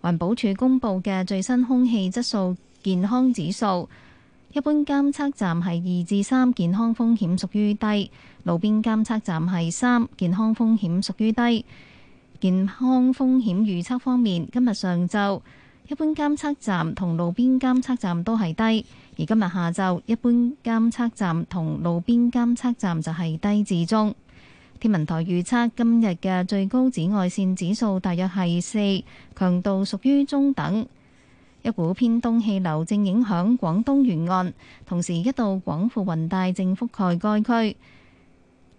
環保署公布嘅最新空氣質素健康指數，一般監測站係二至三，健康風險屬於低；路邊監測站係三，健康風險屬於低。健康風險預測方面，今日上晝一般監測站同路邊監測站都係低，而今日下晝一般監測站同路邊監測站就係低至中。天文台預測今日嘅最高紫外線指數大約係四，強度屬於中等。一股偏東氣流正影響廣東沿岸，同時一道廣闊雲帶正覆蓋該區。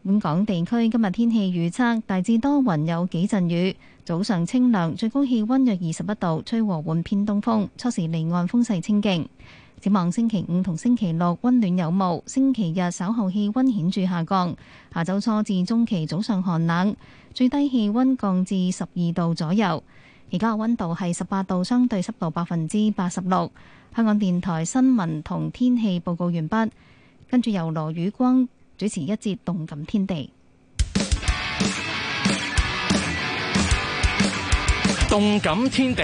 本港地區今日天，天氣預測大致多雲，有幾陣雨。早上清涼，最高氣温約二十一度，吹和緩偏東風。初時離岸風勢清勁。展望星期五同星期六温暖有霧，星期日稍後氣温顯著下降。下週初至中期早上寒冷，最低氣温降至十二度左右。而家嘅溫度係十八度，相對濕度百分之八十六。香港電台新聞同天氣報告完畢，跟住由羅宇光主持一節《動感天地》。《動感天地》。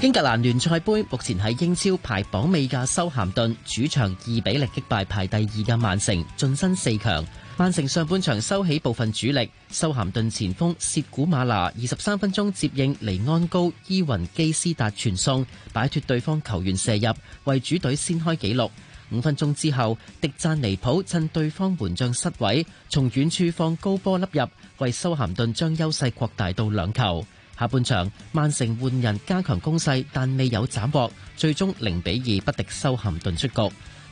英格蘭聯賽盃目前喺英超排榜尾嘅修咸頓主場二比零擊敗排第二嘅曼城，晉身四強。曼城上半場收起部分主力，修咸頓前鋒薛古馬拿二十三分鐘接應尼安高伊雲基斯達傳送，擺脫對方球員射入，為主隊先開紀錄。五分鐘之後，迪贊尼普趁對方門將失位，從遠處放高波粒入，為修咸頓將優勢擴大到兩球。下半場曼城換人加強攻勢，但未有斬獲，最終零比二不敵修咸頓出局。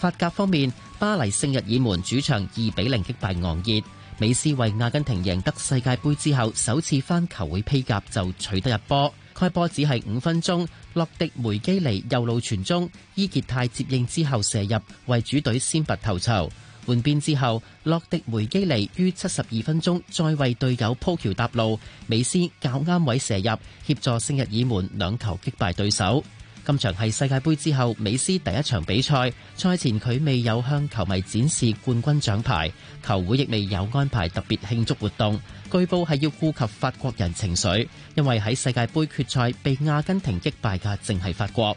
法甲方面，巴黎聖日耳門主場二比零擊敗昂熱，美斯為阿根廷贏得世界杯之後，首次翻球會披甲就取得入波。開波只係五分鐘，洛迪梅基尼右路傳中，伊傑泰接應之後射入，為主隊先拔頭籌。換邊之後，洛迪梅基尼於七十二分鐘再為隊友鋪橋搭路，美斯較啱位射入，協助聖日耳門兩球擊敗對手。今場係世界盃之後，美斯第一場比賽。賽前佢未有向球迷展示冠軍獎牌，球會亦未有安排特別慶祝活動。據報係要顧及法國人情緒，因為喺世界盃決賽被阿根廷擊敗嘅，正係法國。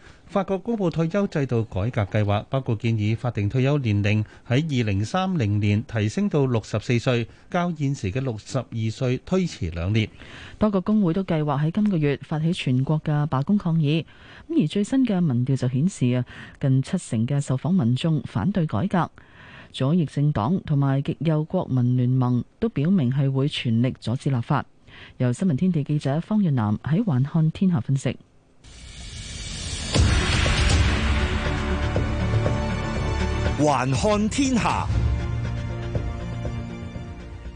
法國公布退休制度改革計劃，包括建議法定退休年齡喺二零三零年提升到六十四歲，較現時嘅六十二歲推遲兩年。多個工會都計劃喺今個月發起全國嘅罷工抗議。咁而最新嘅民調就顯示啊，近七成嘅受訪民眾反對改革。左翼政黨同埋極右國民聯盟都表明係會全力阻止立法。由新聞天地記者方若南喺橫看天下分析。環看天下，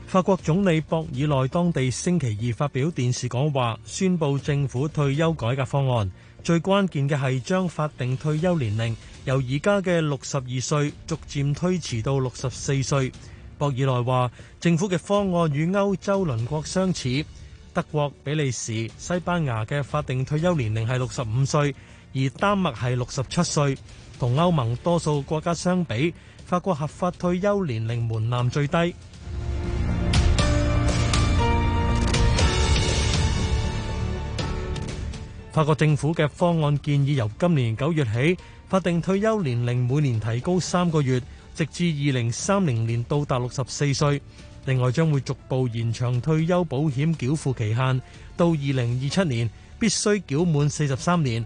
法國總理博爾內當地星期二發表電視講話，宣布政府退休改革方案。最關鍵嘅係將法定退休年齡由而家嘅六十二歲，逐漸推遲到六十四歲。博爾內話，政府嘅方案與歐洲鄰國相似，德國、比利時、西班牙嘅法定退休年齡係六十五歲，而丹麥係六十七歲。同歐盟多數國家相比，法國合法退休年齡門檻最低。法國政府嘅方案建議由今年九月起，法定退休年齡每年提高三個月，直至二零三零年到達六十四歲。另外，將會逐步延長退休保險繳付期限，到二零二七年必須繳滿四十三年。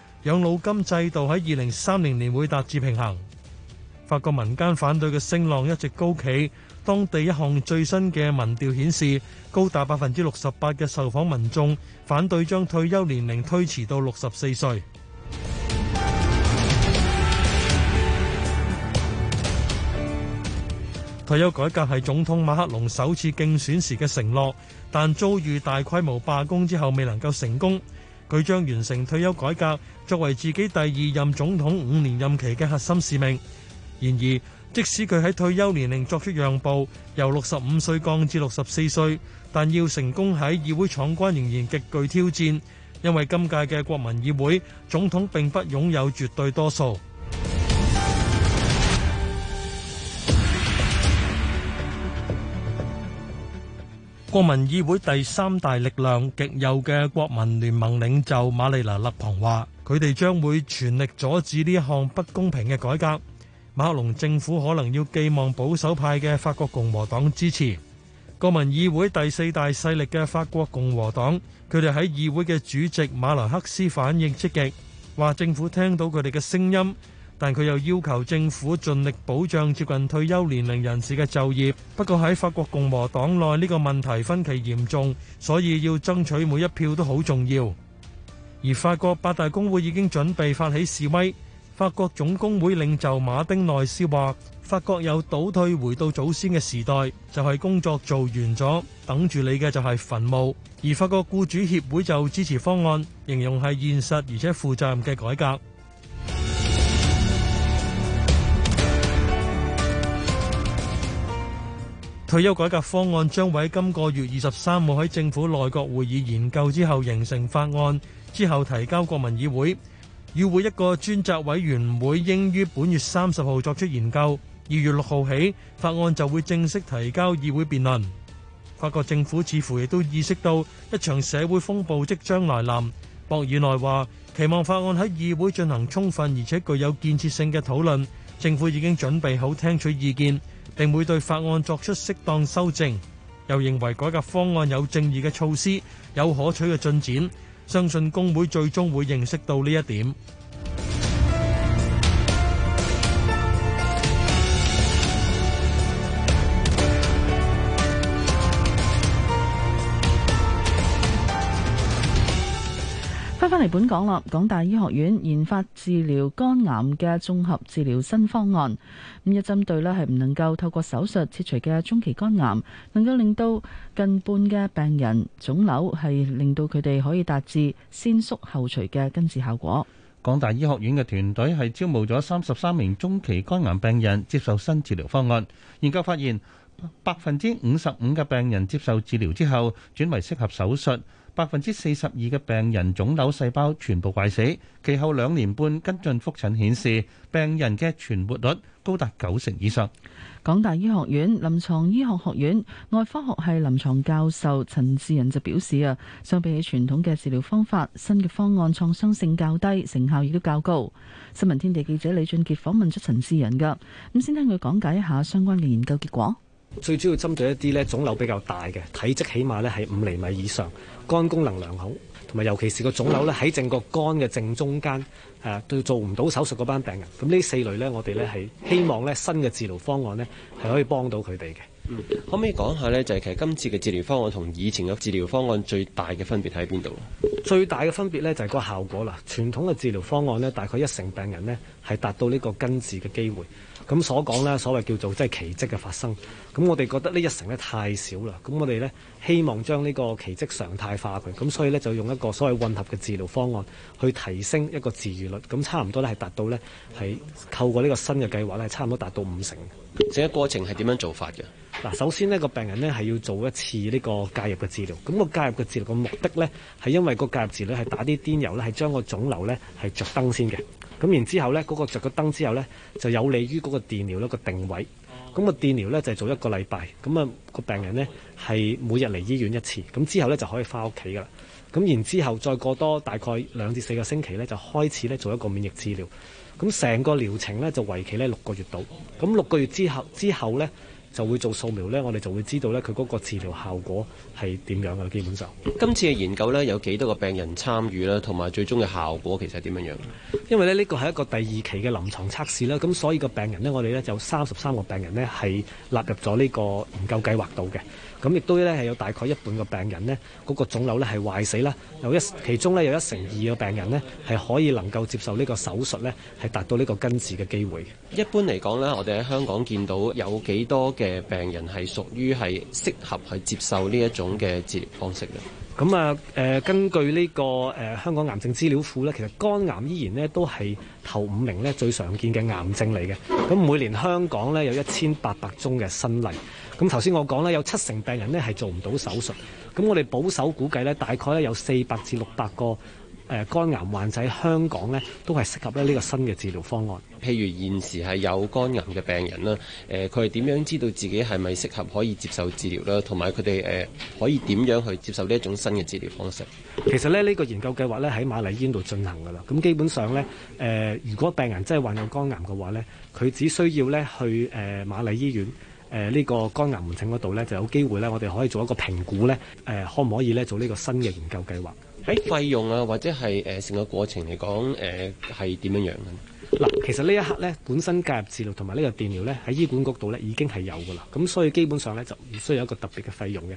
養老金制度喺二零三零年會達至平衡。法國民間反對嘅聲浪一直高企，當地一項最新嘅民調顯示，高達百分之六十八嘅受訪民衆反對將退休年齡推遲到六十四歲。退休改革係總統馬克龍首次競選時嘅承諾，但遭遇大規模罷工之後未能夠成功。佢將完成退休改革，作為自己第二任總統五年任期嘅核心使命。然而，即使佢喺退休年齡作出讓步，由六十五歲降至六十四歲，但要成功喺議會闖關仍然極具挑戰，因為今屆嘅國民議會總統並不擁有絕對多數。國民議會第三大力量，極右嘅國民聯盟領袖瑪麗娜勒龐話，佢哋將會全力阻止呢一項不公平嘅改革，馬克龍政府可能要寄望保守派嘅法國共和黨支持。國民議會第四大勢力嘅法國共和黨，佢哋喺議會嘅主席馬萊克斯反應積極，話政府聽到佢哋嘅聲音，但佢又要求政府盡力保障接近退休年齡人士嘅就業，不過喺法國共和黨內呢個問題分歧嚴重，所以要爭取每一票都好重要。而法國八大工會已經準備發起示威。法國總工會領袖馬丁內斯話法國有倒退回到祖先嘅時代，就係、是、工作做完咗，等住你嘅就係墳墓。而法國僱主協會就支持方案，形容係現實而且負責任嘅改革。退休改革方案將會喺今個月二十三號喺政府內閣會議研究之後形成法案，之後提交國民議會。議會一個專責委員會應於本月三十號作出研究，二月六號起法案就會正式提交議會辯論。法國政府似乎亦都意識到一場社會風暴即將來臨。博爾內話：期望法案喺議會進行充分而且具有建設性嘅討論，政府已經準備好聽取意見。定會對法案作出適當修正，又認為改革方案有正義嘅措施，有可取嘅進展，相信工會最終會認識到呢一點。係本港立港大醫學院研發治療肝癌嘅綜合治療新方案。咁，一針對呢係唔能夠透過手術切除嘅中期肝癌，能夠令到近半嘅病人腫瘤係令到佢哋可以達至先縮後除嘅根治效果。港大醫學院嘅團隊係招募咗三十三名中期肝癌病人接受新治療方案，研究發現百分之五十五嘅病人接受治療之後轉為適合手術。百分之四十二嘅病人腫瘤細胞全部壞死，其後兩年半跟進複診顯示，病人嘅存活率高達九成以上。港大醫學院臨床醫學學院外科學系臨床教授陳志仁就表示啊，相比起傳統嘅治療方法，新嘅方案創傷性較低，成效亦都較高。新聞天地記者李俊傑訪問出陳志仁㗎，咁先聽佢講解一下相關嘅研究結果。最主要針對一啲咧腫瘤比較大嘅，體積起碼咧係五厘米以上，肝功能良好，同埋尤其是個腫瘤咧喺成個肝嘅正中間，誒，對做唔到手術嗰班病人，咁呢四類呢，我哋呢係希望呢新嘅治療方案呢係可以幫到佢哋嘅。可唔可以講下呢？就係其實今次嘅治療方案同以前嘅治療方案最大嘅分別喺邊度？最大嘅分別呢，就係個效果啦。傳統嘅治療方案呢，大概一成病人呢係達到呢個根治嘅機會。咁所講呢所謂叫做即係奇蹟嘅發生。咁我哋覺得呢一成呢太少啦。咁我哋呢希望將呢個奇蹟常態化佢。咁所以呢，就用一個所謂混合嘅治療方案去提升一個治愈率。咁差唔多呢係達到呢係透過呢個新嘅計劃呢，差唔多達到五成。成個過程係點樣做法嘅？嗱，首先呢個病人呢係要做一次呢個介入嘅治療。咁個介入嘅治療嘅目的呢，係因為個介入治療係打啲碘油呢係將個腫瘤呢係著燈先嘅。咁然之後呢，嗰個著咗燈之後呢，就有利於嗰個電療呢個定位。咁個電療呢，就係、做一個禮拜。咁、那、啊個病人呢，係每日嚟醫院一次。咁之後呢，就可以翻屋企㗎啦。咁然之後再過多大概兩至四個星期呢，就開始呢做一個免疫治療。咁成個療程呢，就維持呢六個月度。咁六個月之後之後呢就會做掃描呢，我哋就會知道呢，佢嗰個治療效果係點樣嘅。基本上，今次嘅研究呢，有幾多個病人參與啦，同埋最終嘅效果其實係點樣樣？因為呢呢個係一個第二期嘅臨床測試啦，咁所以個病人呢，我哋呢就三十三個病人呢，係納入咗呢個研究計劃到嘅。咁亦都咧係有大概一半嘅病人呢，嗰個腫瘤呢係壞死啦。有一其中呢，有一成二嘅病人呢係可以能夠接受呢個手術呢係達到呢個根治嘅機會。一般嚟講呢，我哋喺香港見到有幾多嘅病人係屬於係適合去接受呢一種嘅治療方式嘅？咁啊、呃、根據呢個、呃、香港癌症資料庫呢，其實肝癌依然呢都係頭五名呢最常見嘅癌症嚟嘅。咁每年香港呢有一千八百宗嘅新例。咁頭先我講咧，有七成病人呢係做唔到手術。咁我哋保守估計呢，大概有四百至六百個肝癌患者，香港呢都係適合呢個新嘅治療方案。譬如現時係有肝癌嘅病人啦，佢係點樣知道自己係咪適合可以接受治療啦？同埋佢哋可以點樣去接受呢一種新嘅治療方式？其實呢呢個研究計劃呢喺瑪麗醫院度進行㗎啦。咁基本上呢，如果病人真係患有肝癌嘅話呢，佢只需要呢去瑪麗醫院。誒、呃、呢、呢個肝癌門診嗰度呢，就有機會呢，我哋可以做一個評估呢，誒、呃、可唔可以呢？做呢個新嘅研究計劃？喺費用啊，或者係誒成個過程嚟講，誒係點樣樣咧？嗱，其實呢一刻呢，本身介入治療同埋呢個電療呢，喺醫管局度呢已經係有噶啦，咁所以基本上呢，就唔需要一個特別嘅費用嘅。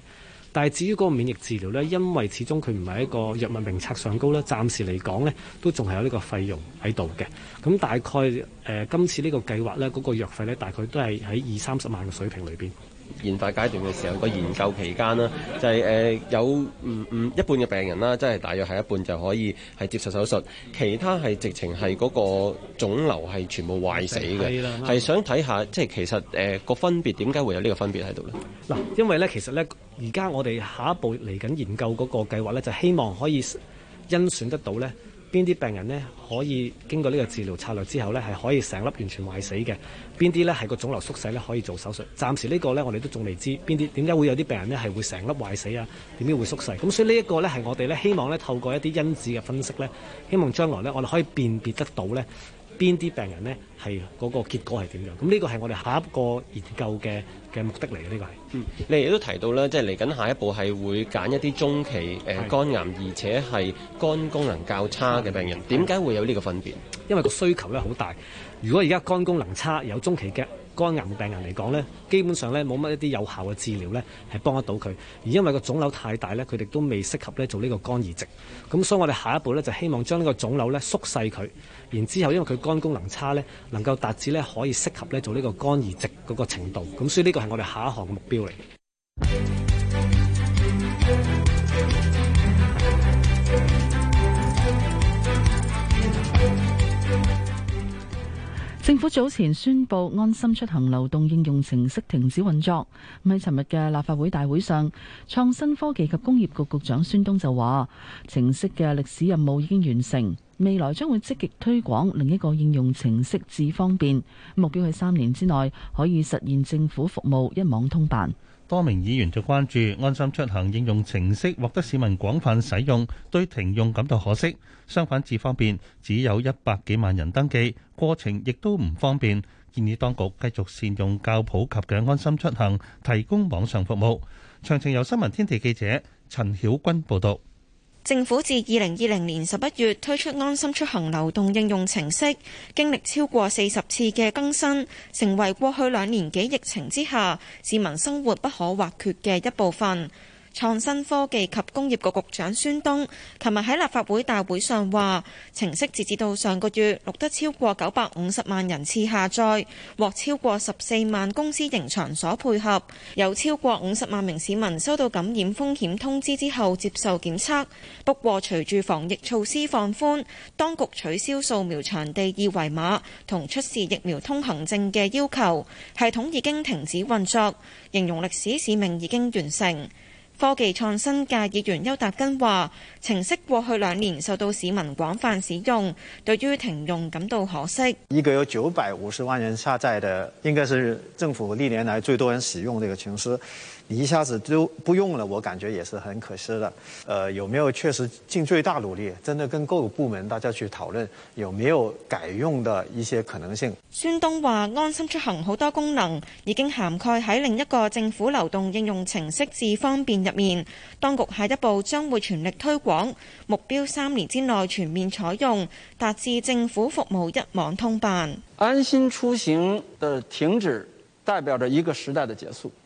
但係至於嗰個免疫治療呢，因為始終佢唔係一個藥物名冊上高呢，暫時嚟講呢，都仲係有呢個費用喺度嘅。咁大概誒、呃、今次呢個計劃呢，嗰、個藥費呢，大概都係喺二三十萬嘅水平裏面。研發階段嘅時候，個研究期間呢，就係、是、誒、呃、有唔唔、呃、一半嘅病人啦，即係大約係一半就可以係接受手術，其他係直情係嗰個腫瘤係全部壞死嘅，係想睇下即係其實誒、呃嗰個分別點解會有呢個分別喺度呢？嗱，因為呢，其實呢，而家我哋下一步嚟緊研究嗰個計劃呢，就是、希望可以甄選得到呢。邊啲病人呢？可以經過呢個治療策略之後呢，係可以成粒完全壞死嘅？邊啲呢？係個腫瘤縮細呢？可以做手術？暫時呢個呢，我哋都仲未知邊啲？點解會有啲病人呢，係會成粒壞死啊？點解會縮細？咁所以呢一個呢，係我哋呢，希望呢透過一啲因子嘅分析呢，希望將來呢，我哋可以辨別得到呢。邊啲病人呢？係嗰個結果係點樣？咁呢個係我哋下一個研究嘅嘅目的嚟嘅，呢個係。嗯，你亦都提到啦，即係嚟緊下一步係會揀一啲中期誒、呃、肝癌，而且係肝功能較差嘅病人。點解會有呢個分別？因為個需求咧好大。如果而家肝功能差有中期嘅。肝癌病人嚟講呢，基本上呢，冇乜一啲有效嘅治療呢係幫得到佢。而因為個腫瘤太大呢，佢哋都未適合呢做呢個肝移植。咁所以我哋下一步呢，就希望將呢個腫瘤呢縮細佢，然之後因為佢肝功能差呢能夠達至呢可以適合呢做呢個肝移植嗰個程度。咁所以呢個係我哋下一項目標嚟。 政府早前宣佈安心出行流動應用程式停止運作。喺尋日嘅立法會大會上，創新科技及工業局局長孫東就話，程式嘅歷史任務已經完成，未來將會積極推廣另一個應用程式智方便，目標喺三年之內可以實現政府服務一網通辦。多名議員就關注安心出行應用程式獲得市民廣泛使用，對停用感到可惜。相反，智方便只有一百幾萬人登記，過程亦都唔方便。建議當局繼續善用較普及嘅安心出行，提供網上服務。詳情由新聞天地記者陳曉君報道。政府自二零二零年十一月推出安心出行流動應用程式，經歷超過四十次嘅更新，成為過去兩年幾疫情之下市民生活不可或缺嘅一部分。創新科技及工業局局長孫東琴日喺立法會大會上話：程式截至到上個月錄得超過九百五十萬人次下載，獲超過十四萬公私營場所配合，有超過五十萬名市民收到感染風險通知之後接受檢測。不過，隨住防疫措施放寬，當局取消掃描場地二維碼同出示疫苗通行證嘅要求，系統已經停止運作，形容歷史使命已經完成。科技創新界議員邱達根話：程式過去兩年受到市民廣泛使用，對於停用感到可惜。一個有九百五十萬人下載嘅，應該是政府歷年來最多人使用呢個程式。一下子都不用了，我感覺也是很可惜的。呃，有沒有確實盡最大努力，真的跟各個部門大家去討論，有沒有改用的一些可能性？孫東話：安心出行好多功能已經涵蓋喺另一個政府流動應用程式智方便入面。當局下一步將會全力推廣，目標三年之內全面採用，達至政府服務一網通辦。安心出行的停止，代表着一個時代的結束。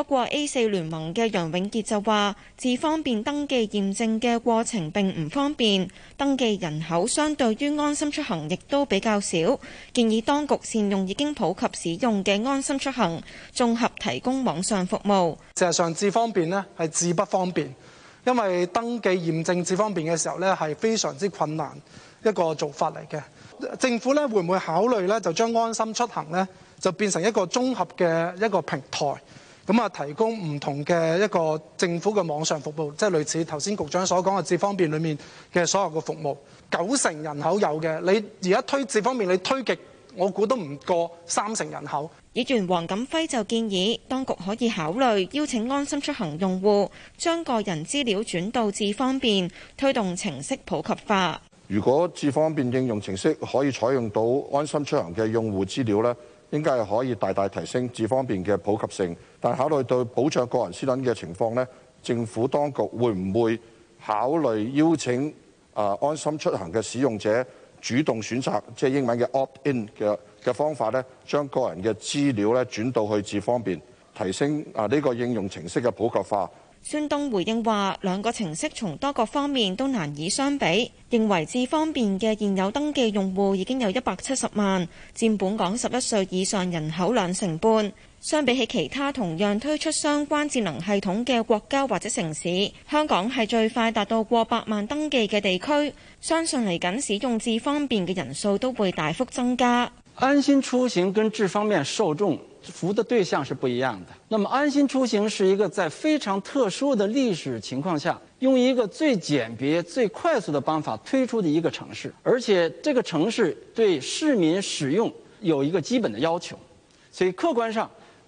不過，A4 聯盟嘅楊永傑就話：智方便登記驗證嘅過程並唔方便，登記人口相對於安心出行亦都比較少，建議當局善用已經普及使用嘅安心出行，綜合提供網上服務。事實上智方便呢係自不方便，因為登記驗證智方便嘅時候呢係非常之困難的一個做法嚟嘅。政府咧會唔會考慮呢？就將安心出行呢，就變成一個綜合嘅一個平台？咁啊，提供唔同嘅一個政府嘅網上服務，即係類似頭先局長所講嘅智方便裏面嘅所有嘅服務。九成人口有嘅，你而家推智方便，你推極，我估都唔過三成人口。議員黃錦輝就建議，當局可以考慮邀請安心出行用戶將個人資料轉到智方便，推動程式普及化。如果智方便應用程式可以採用到安心出行嘅用戶資料呢，應該係可以大大提升智方便嘅普及性。但考慮到保障個人私隱嘅情況呢，政府當局會唔會考慮邀請啊安心出行嘅使用者主動選擇即係英文嘅 opt-in 嘅嘅方法呢，將個人嘅資料咧轉到去智方便，提升啊呢個應用程式嘅普及化。孫東回應話：兩個程式從多個方面都難以相比，認為智方便嘅現有登記用戶已經有一百七十萬，佔本港十一歲以上人口兩成半。相比起其他同樣推出相關智能系統嘅國家或者城市，香港係最快達到過百萬登記嘅地區，相信嚟緊使用智方便嘅人數都會大幅增加。安心出行跟智方便受眾服務的對象是不一樣的。那麼安心出行是一個在非常特殊嘅歷史情況下，用一個最簡便、最快速嘅方法推出嘅一個城市，而且這個城市對市民使用有一個基本的要求，所以客觀上。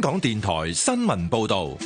香港電台新聞報道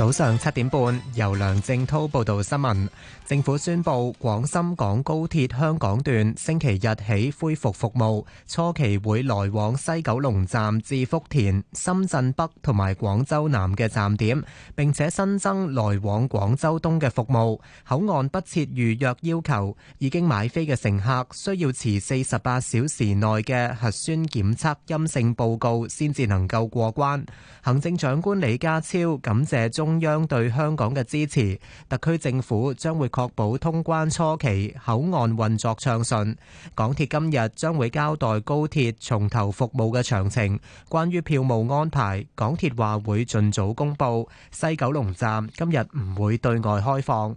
早上七點半，由梁正濤報道新聞。政府宣布廣深港高鐵香港段星期日起恢復服務，初期會來往西九龍站至福田、深圳北同埋廣州南嘅站點，並且新增來往廣州東嘅服務。口岸不設預約要求，已經買飛嘅乘客需要持四十八小時內嘅核酸檢測陰性報告先至能夠過關。行政長官李家超感謝中中央對香港嘅支持，特區政府將會確保通關初期口岸運作暢順。港鐵今日將會交代高鐵重頭服務嘅詳情。關於票務安排，港鐵話會盡早公佈。西九龍站今日唔會對外開放。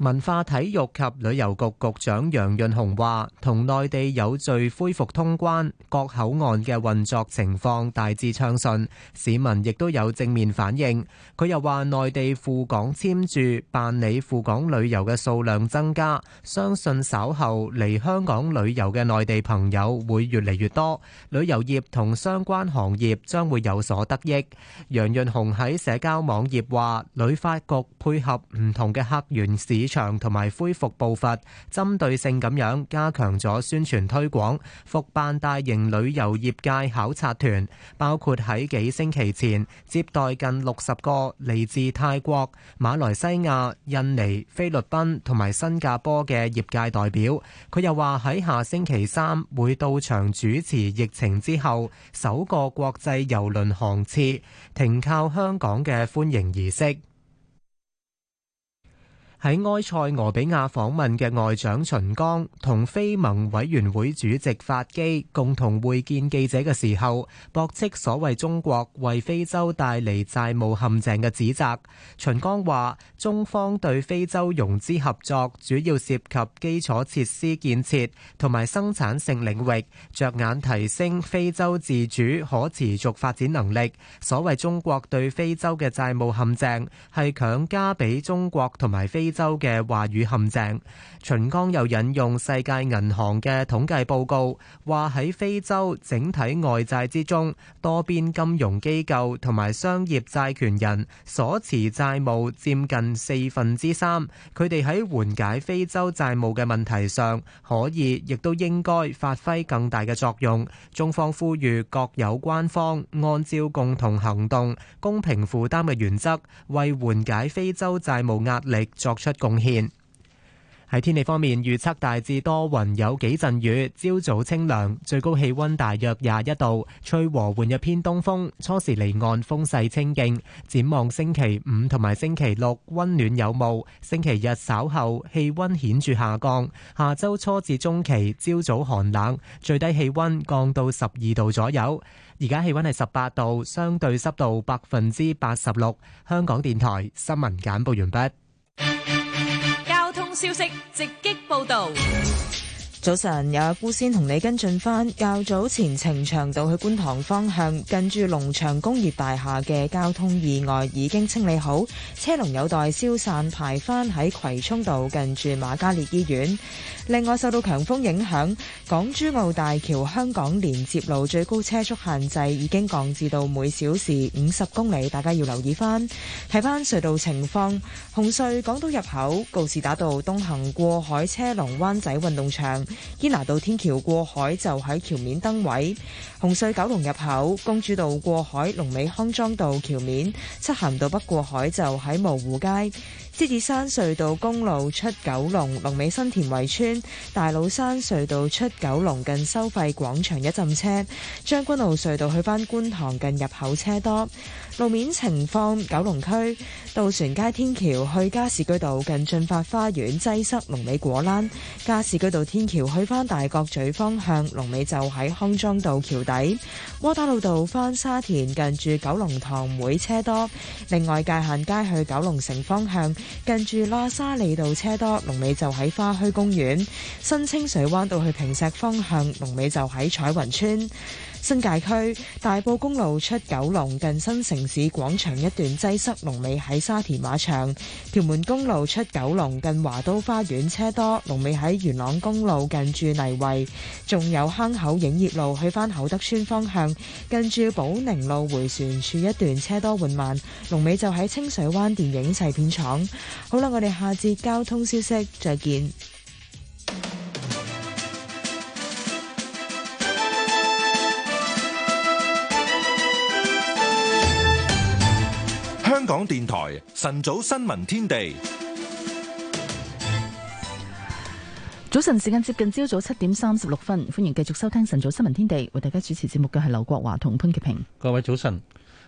文化體育及旅遊局局長楊潤雄話：同內地有序恢復通關，各口岸嘅運作情況大致暢順，市民亦都有正面反應。佢又話：內地赴港簽注辦理赴港旅遊嘅數量增加，相信稍後嚟香港旅遊嘅內地朋友會越嚟越多，旅遊業同相關行業將會有所得益。楊潤雄喺社交網頁話：旅發局配合唔同嘅客源市場同埋恢復步伐，針對性咁樣加強咗宣傳推廣，復辦大型旅遊業界考察團，包括喺幾星期前接待近六十個嚟自泰國、馬來西亞、印尼、菲律賓同埋新加坡嘅業界代表。佢又話喺下星期三會到場主持疫情之後首個國際郵輪航次停靠香港嘅歡迎儀式。喺埃塞俄比亞訪問嘅外長秦剛同非盟委員會主席法基共同會見記者嘅時候，駁斥所謂中國為非洲帶嚟債務陷阱嘅指責。秦剛話：中方對非洲融資合作主要涉及基礎設施建設同埋生產性領域，着眼提升非洲自主可持續發展能力。所謂中國對非洲嘅債務陷阱，係強加俾中國同埋非。非洲嘅話語陷阱，秦剛又引用世界銀行嘅統計報告，話喺非洲整體外債之中，多邊金融機構同埋商業債權人所持債務佔近四分之三。佢哋喺緩解非洲債務嘅問題上，可以亦都應該發揮更大嘅作用。中方呼籲各有關方按照共同行動、公平負擔嘅原則，為緩解非洲債務壓力作出貢獻。喺天氣方面，預測大致多雲，有幾陣雨。朝早清涼，最高氣溫大約廿一度，吹和緩一偏東風。初時離岸風勢清勁。展望星期五同埋星期六溫暖有霧，星期日稍後氣溫顯著下降。下周初至中期朝早寒冷，最低氣溫降到十二度左右。而家氣溫係十八度，相對濕度百分之八十六。香港電台新聞簡報完畢。消息直擊報道。早晨，有阿姑先同你跟進返較早前程長道去觀塘方向，近住龍翔工業大廈嘅交通意外已經清理好，車龍有待消散，排翻喺葵涌道近住瑪嘉烈醫院。另外，受到強風影響，港珠澳大橋、香港連接路最高車速限制已經降至到每小時五十公里，大家要留意翻，睇翻隧道情況。紅隧港島入口告士打道東行過海，車龍灣仔運動場；堅拿道天橋過海就喺橋面燈位。紅隧九龍入口公主道過海，龍尾康莊道橋面；漆咸道北過海就喺蕪湖街。獅子山隧道公路出九龍，龍尾新田圍村，大老山隧道出九龍近收費廣場一浸車，將軍澳隧道去返觀塘近入口車多。路面情況，九龍區渡船街天橋去加士居道近駿發花園擠塞，龍尾果欄；加士居道天橋去返大角咀方向，龍尾就喺康莊道橋底；窩打老道返沙田近住九龍塘會車多；另外界限街去九龍城方向近住喇沙利道車多，龍尾就喺花墟公園；新清水灣道去坪石方向，龍尾就喺彩雲村。新界區大埔公路出九龍近新城市廣場一段擠塞，龍尾喺沙田馬場；屯門公路出九龍近華都花園車多，龍尾喺元朗公路近住泥圍；仲有坑口影業路去返厚德村方向，近住寶寧路回旋處一段車多緩慢，龍尾就喺清水灣電影製片廠。好啦，我哋下節交通消息，再見。港電台晨早新聞天地，早晨時間接近朝早七點三十六分，歡迎繼續收聽晨早新聞天地，為大家主持節目嘅係劉國華同潘潔平。各位早晨，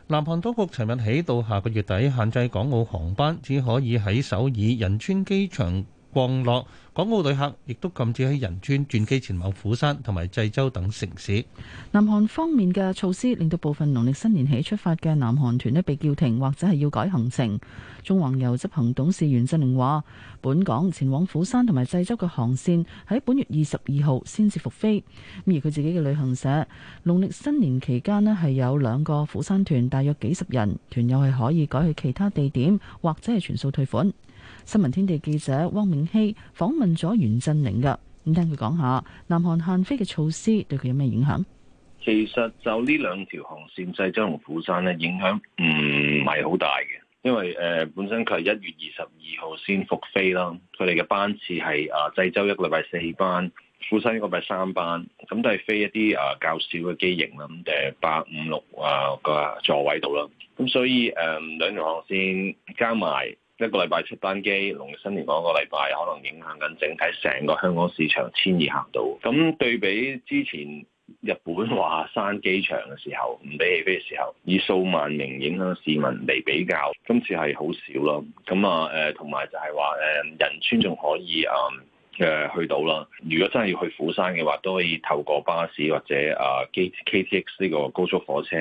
南韓當局尋日起到下個月底，限制港澳航班只可以喺首爾仁川機場。降落，港澳旅客亦都禁止喺仁川轉機前往釜山同埋濟州等城市。南韓方面嘅措施令到部分農曆新年起出發嘅南韓團呢，被叫停或者係要改行程。縱橫遊執行董事袁振寧話本港前往釜山同埋濟州嘅航線喺本月二十二號先至復飛，咁而佢自己嘅旅行社農曆新年期間呢係有兩個釜山團大約幾十人，團友係可以改去其他地點或者係全數退款。新聞天地記者汪銘熙訪問咗袁振寧噶，咁聽佢講下南韓限飛嘅措施對佢有咩影響？其實就這兩條呢兩條航線，濟州同釜山咧，影響唔係好大嘅，因為誒、呃、本身佢係一月二十二號先復飛啦，佢哋嘅班次係啊濟州一個禮拜四班，釜山一個禮拜三班，咁都係飛一啲啊較少嘅機型啦，咁誒八五六啊個座位度啦，咁所以誒兩條航線加埋，一個禮拜出班機，農曆新年嗰個禮拜可能影響緊整體成個香港市場遷移行到。咁對比之前日本華山機場嘅時候，唔俾起飛嘅時候，以數萬名影響市民嚟比較，今次係好少咯。咁啊，誒，同埋就係話，誒，仁川仲可以啊、呃、去到啦。如果真係要去釜山嘅話，都可以透過巴士或者啊 KTX 呢個高速火車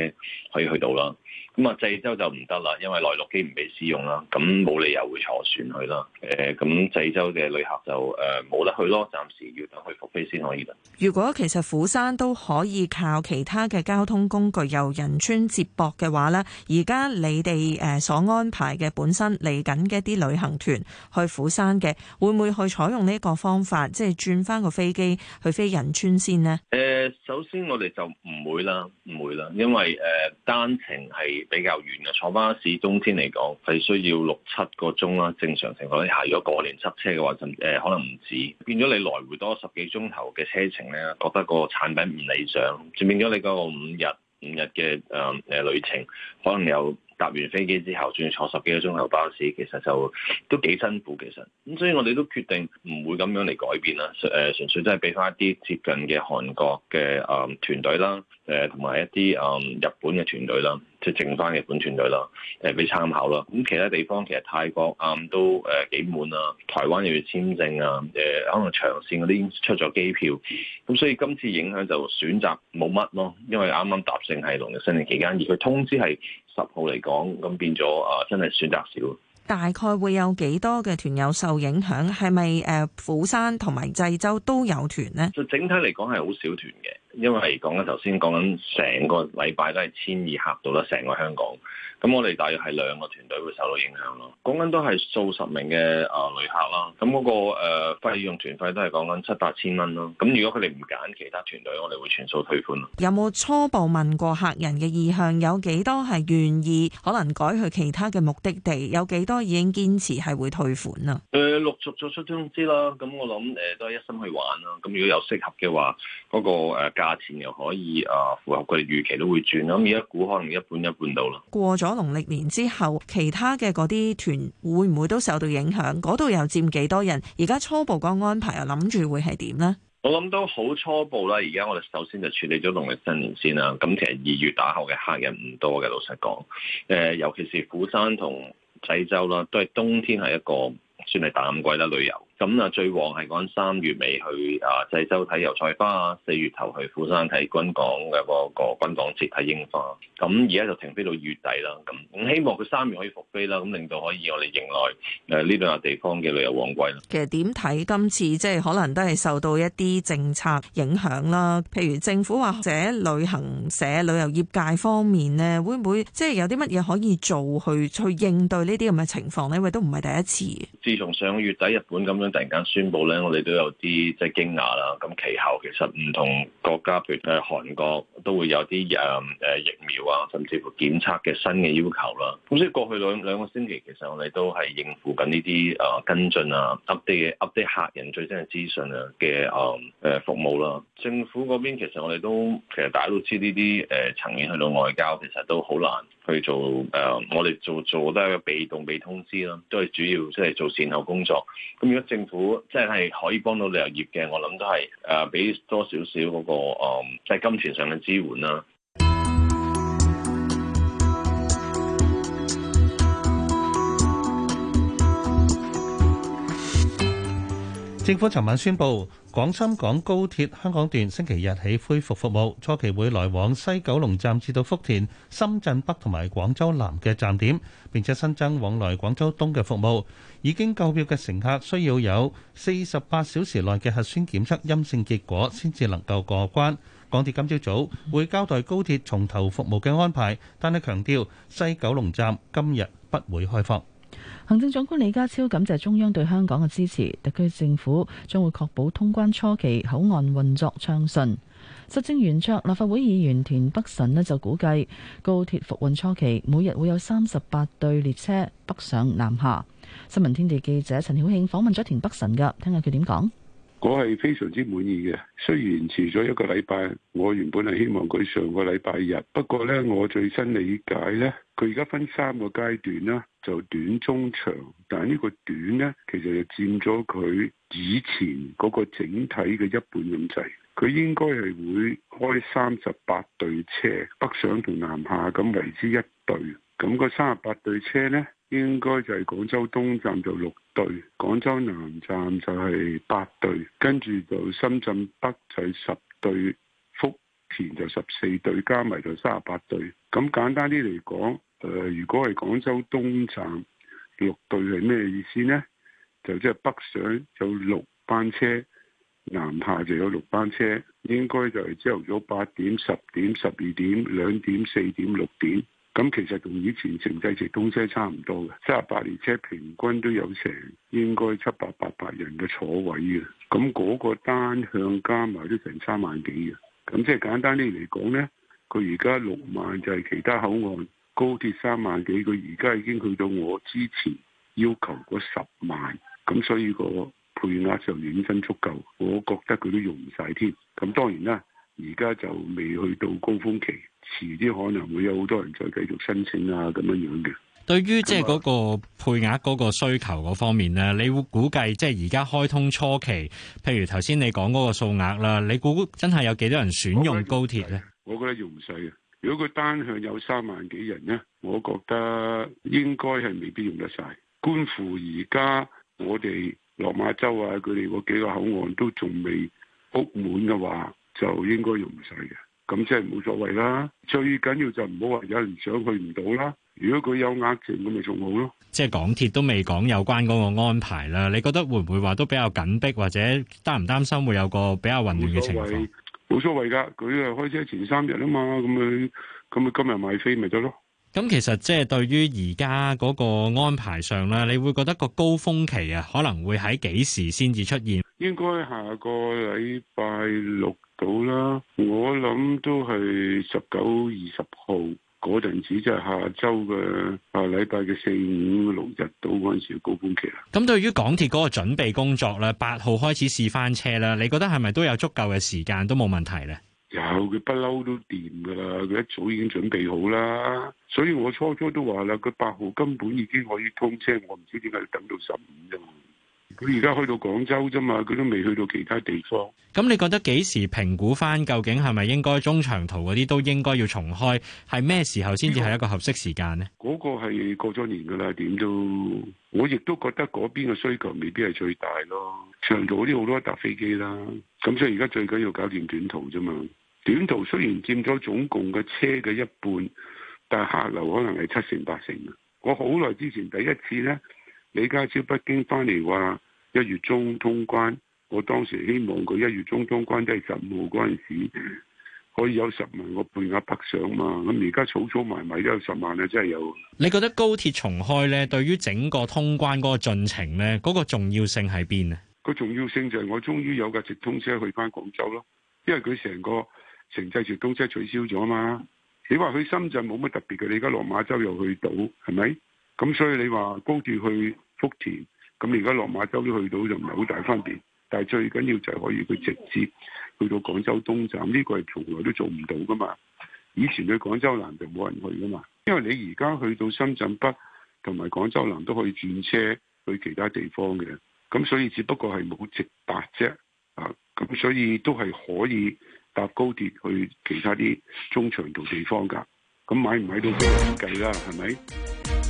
可以去到啦。咁啊，濟州就唔得啦，因為內陸機唔被使用啦，咁冇理由會坐船去啦。誒，咁濟州嘅旅客就誒冇得去咯，暫時要等佢復飛先可以啦。如果其實釜山都可以靠其他嘅交通工具由仁川接駁嘅話咧，而家你哋誒所安排嘅本身嚟緊嘅一啲旅行團去釜山嘅，會唔會去採用呢個方法，即係轉翻個飛機去飛仁川先呢？誒，首先我哋就唔會啦，唔會啦，因為誒單程係。比較遠嘅坐巴士，冬天嚟講係需要六七個鐘啦。正常情況，你下如果過年塞車嘅話，甚至、呃、誒可能唔止。變咗你來回多十幾鐘頭嘅車程咧，覺得個產品唔理想，轉變咗你個五日五日嘅誒誒旅程，可能又搭完飛機之後，再坐十幾個鐘頭巴士，其實就都幾辛苦。其實咁，所以我哋都決定唔會咁樣嚟改變啦。誒，純粹真係俾翻一啲接近嘅韓國嘅誒、呃、團隊啦，誒同埋一啲誒、呃、日本嘅團隊啦。即剩翻日本團隊啦，誒、呃、俾參考啦。咁其他地方其實泰國啊、嗯、都誒幾滿啊，台灣又要簽證啊，誒、呃、可能長線嗰啲出咗機票，咁所以今次影響就選擇冇乜咯。因為啱啱搭成係農曆新年期間，而佢通知係十號嚟講，咁變咗啊、呃，真係選擇少。大概會有幾多嘅團友受影響？係咪誒釜山同埋濟州都有團咧？就整體嚟講係好少團嘅。因為講緊頭先，講緊成個禮拜都係千二客到啦，成個香港。咁我哋大約係兩個團隊會受到影響咯，講緊都係數十名嘅誒旅客啦。咁嗰個誒費用團費都係講緊七八千蚊咯。咁如果佢哋唔揀其他團隊，我哋會全數退款咯。有冇初步問過客人嘅意向？有幾多係願意可能改去其他嘅目的地？有幾多已經堅持係會退款啊？誒、呃，陸續做出通知啦。咁、嗯、我諗誒、呃、都係一心去玩啦。咁如果有適合嘅話，嗰、那個誒、呃、價錢又可以啊、呃、符合佢哋預期都會轉咁而、嗯、家估可能一半一半到啦。過咗。農曆年之後，其他嘅嗰啲團會唔會都受到影響？嗰度又佔幾多人？而家初步個安排又諗住會係點呢？我諗都好初步啦。而家我哋首先就處理咗農曆新年先啦。咁其實二月打後嘅客人唔多嘅，老實講。誒，尤其是釜山同濟州啦，都係冬天係一個算係淡季啦，旅遊。咁啊，最旺係講三月尾去啊濟州睇油菜花，四月頭去釜山睇軍港嘅嗰個軍港節睇櫻花。咁而家就停飛到月底啦。咁希望佢三月可以復飛啦，咁令到可以我哋迎來誒呢兩個地方嘅旅遊旺季啦。其實點睇今次，即係可能都係受到一啲政策影響啦。譬如政府或者旅行社、旅遊業界方面咧，會唔會即係有啲乜嘢可以做去去應對呢啲咁嘅情況咧？因為都唔係第一次。自從上個月底日本咁樣。突然間宣布咧，我哋都有啲即係驚訝啦。咁其後其實唔同國家，譬如誒韓國，都會有啲誒疫苗啊，甚至乎檢測嘅新嘅要求啦。咁所以過去兩兩個星期，其實我哋都係應付緊呢啲誒跟進啊、update update 客人最新嘅資訊啊嘅誒服務啦。政府嗰邊其實我哋都其實大家都知呢啲誒層面去到外交，其實都好難。去做誒、呃，我哋做做都係個個被動被通知咯、啊，都係主要即係、就是、做善後工作。咁如果政府真係可以幫到旅遊業嘅，我諗都係誒俾多少少嗰個即、嗯就是、金錢上嘅支援啦、啊。政府尋晚宣布。廣深港高鐵香港段星期日起恢復服務，初期會來往西九龍站至到福田、深圳北同埋廣州南嘅站點，並且新增往來廣州東嘅服務。已經購票嘅乘客需要有四十八小時內嘅核酸檢測陰性結果先至能夠過關。港鐵今朝早會交代高鐵重頭服務嘅安排，但係強調西九龍站今日不會開放。行政長官李家超感謝中央對香港嘅支持，特區政府將會確保通關初期口岸運作暢順。實政圓桌立法會議員田北辰就估計，高鐵復運初期每日會有三十八對列車北上南下。新聞天地記者陳曉慶訪問咗田北辰嘅，聽下佢點講。我係非常之滿意嘅，雖然遲咗一個禮拜，我原本係希望佢上個禮拜日，不過呢，我最新理解呢，佢而家分三個階段啦，就短、中、長，但係呢個短呢，其實就佔咗佢以前嗰個整體嘅一半咁滯，佢應該係會開三十八對車，北上同南下咁為之一對咁，那個三十八對車呢，應該就係廣州東站就六對，廣州南站就係八對，跟住就深圳北就十對，福田就十四對，加埋就三十八對。咁簡單啲嚟講，誒、呃，如果係廣州東站六對係咩意思呢？就即係北上有六班車，南下就有六班車，應該就係朝頭早八點、十點、十二點、兩點、四點、六點。咁其實同以前城際直通車差唔多嘅，七十八列車平均都有成應該七八百人嘅坐位嘅，咁嗰個單向加埋都成三萬幾嘅，咁即係簡單啲嚟講呢，佢而家六萬就係其他口岸高鐵三萬幾，佢而家已經去到我之前要求嗰十萬，咁所以個配額就認真足夠，我覺得佢都用唔晒添。咁當然啦，而家就未去到高峰期。遲啲可能會有好多人再繼續申請啊，咁樣樣嘅。對於即係嗰個配額嗰個需求嗰方面咧，你估計即係而家開通初期，譬如頭先你講嗰個數額啦，你估真係有幾多人選用高鐵咧？我覺得用唔使啊。如果佢單向有三萬幾人咧，我覺得應該係未必用得晒。觀乎而家我哋落馬洲啊，佢哋嗰幾個口岸都仲未屋滿嘅話，就應該用唔使嘅。咁即係冇所謂啦，最緊要就唔好話有人想去唔到啦。如果佢有額剩，咁咪仲好咯。即係港鐵都未講有關嗰個安排啦，你覺得會唔會話都比較緊迫，或者擔唔擔心會有個比較混亂嘅情況？冇所謂噶，佢係開車前三日啊嘛，咁佢咁佢今日買飛咪得咯。咁其實即係對於而家嗰個安排上咧，你會覺得個高峰期啊，可能會喺幾時先至出現？應該下個禮拜六。到啦，我諗都係十九、二十號嗰陣時，即係下周嘅下禮拜嘅四五六日到嗰陣時高峰期啦。咁對於港鐵嗰個準備工作咧，八號開始試翻車啦，你覺得係咪都有足夠嘅時間都冇問題呢？有，佢不嬲都掂噶啦，佢一早已經準備好啦。所以我初初都話啦，佢八號根本已經可以通車，我唔知點解等到十五日。佢而家去到廣州啫嘛，佢都未去到其他地方。咁你覺得幾時評估翻究竟係咪應該中長途嗰啲都應該要重開，係咩時候先至係一個合適時間咧？嗰個係過咗年噶啦，點都我亦都覺得嗰邊嘅需求未必係最大咯。長途嗰啲好多搭飛機啦，咁所以而家最緊要搞掂短途啫嘛。短途雖然佔咗總共嘅車嘅一半，但係客流可能係七成八成啊！我好耐之前第一次咧，李家超北京翻嚟話。一月中通關，我當時希望佢一月中通關即係十五號嗰時，可以有十萬個配額北上嘛。咁而家草草埋埋都有十萬咧，真係有。你覺得高鐵重開咧，對於整個通關嗰個進程咧，嗰、那個重要性喺邊咧？個重要性就係我終於有架直通車去翻廣州咯，因為佢成個城際直通車取消咗啊嘛。你話去深圳冇乜特別嘅，你而家落馬洲又去到，係咪？咁所以你話高鐵去福田？咁而家落馬洲都去到就唔係好大分別，但係最緊要就係可以去直接去到廣州東站，呢個係從來都做唔到噶嘛。以前去廣州南就冇人去噶嘛，因為你而家去到深圳北同埋廣州南都可以轉車去其他地方嘅，咁所以只不過係冇直達啫。啊，咁所以都係可以搭高鐵去其他啲中長途地方㗎。咁買唔買到飛計啦？係咪？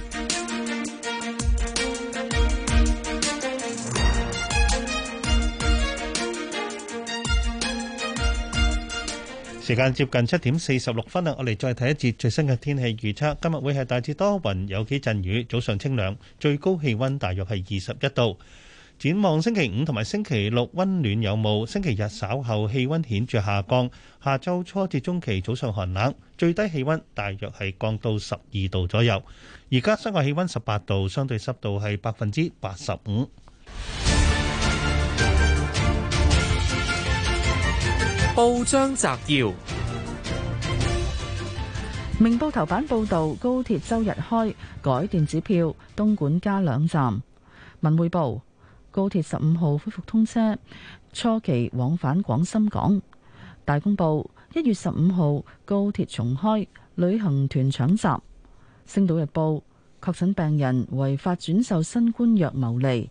時間接近七點四十六分啦，我哋再睇一節最新嘅天氣預測。今日會係大致多雲，有幾陣雨，早上清涼，最高氣溫大約係二十一度。展望星期五同埋星期六溫暖有霧，星期日稍後氣溫顯著下降。下周初至中期早上寒冷，最低氣溫大約係降到十二度左右。而家室外氣溫十八度，相對濕度係百分之八十五。報章摘要：明報頭版報道高鐵周日開改電子票，東莞加兩站。文匯報：高鐵十五號恢復通車，初期往返廣深港。大公報：一月十五號高鐵重開，旅行團搶閘。星島日報：確診病人違法轉售新冠藥牟利。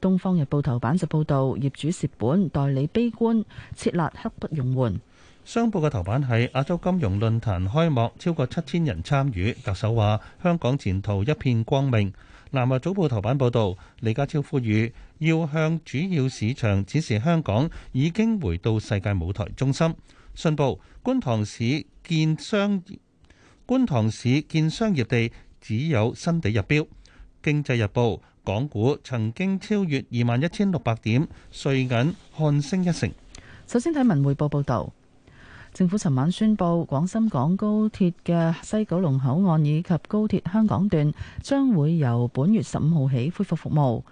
《東方日報》頭版就報道業主蝕本，代理悲觀，設立刻不容緩。商報嘅頭版係亞洲金融論壇開幕，超過七千人參與。特首話香港前途一片光明。《南華早報》頭版報道李家超呼籲，要向主要市場展示香港已經回到世界舞台中心。信報，觀塘市建商觀塘市建商業地只有新地入標。《經濟日報》港股曾經超越二萬一千六百點，瑞銀看升一成。首先睇文匯報報導，政府尋晚宣佈廣深港高鐵嘅西九龍口岸以及高鐵香港段將會由本月十五號起恢復服務。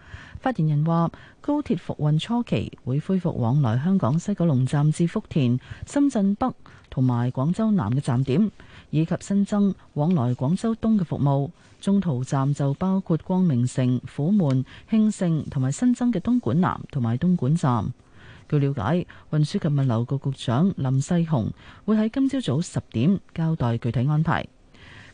發言人話，高鐵復運初期會恢復往來香港西九龍站至福田、深圳北同埋廣州南嘅站點。以及新增往來廣州東嘅服務，中途站就包括光明城、虎門、興盛同埋新增嘅東莞南同埋東莞站。據了解，運輸及物流局局長林世雄會喺今朝早十點交代具體安排。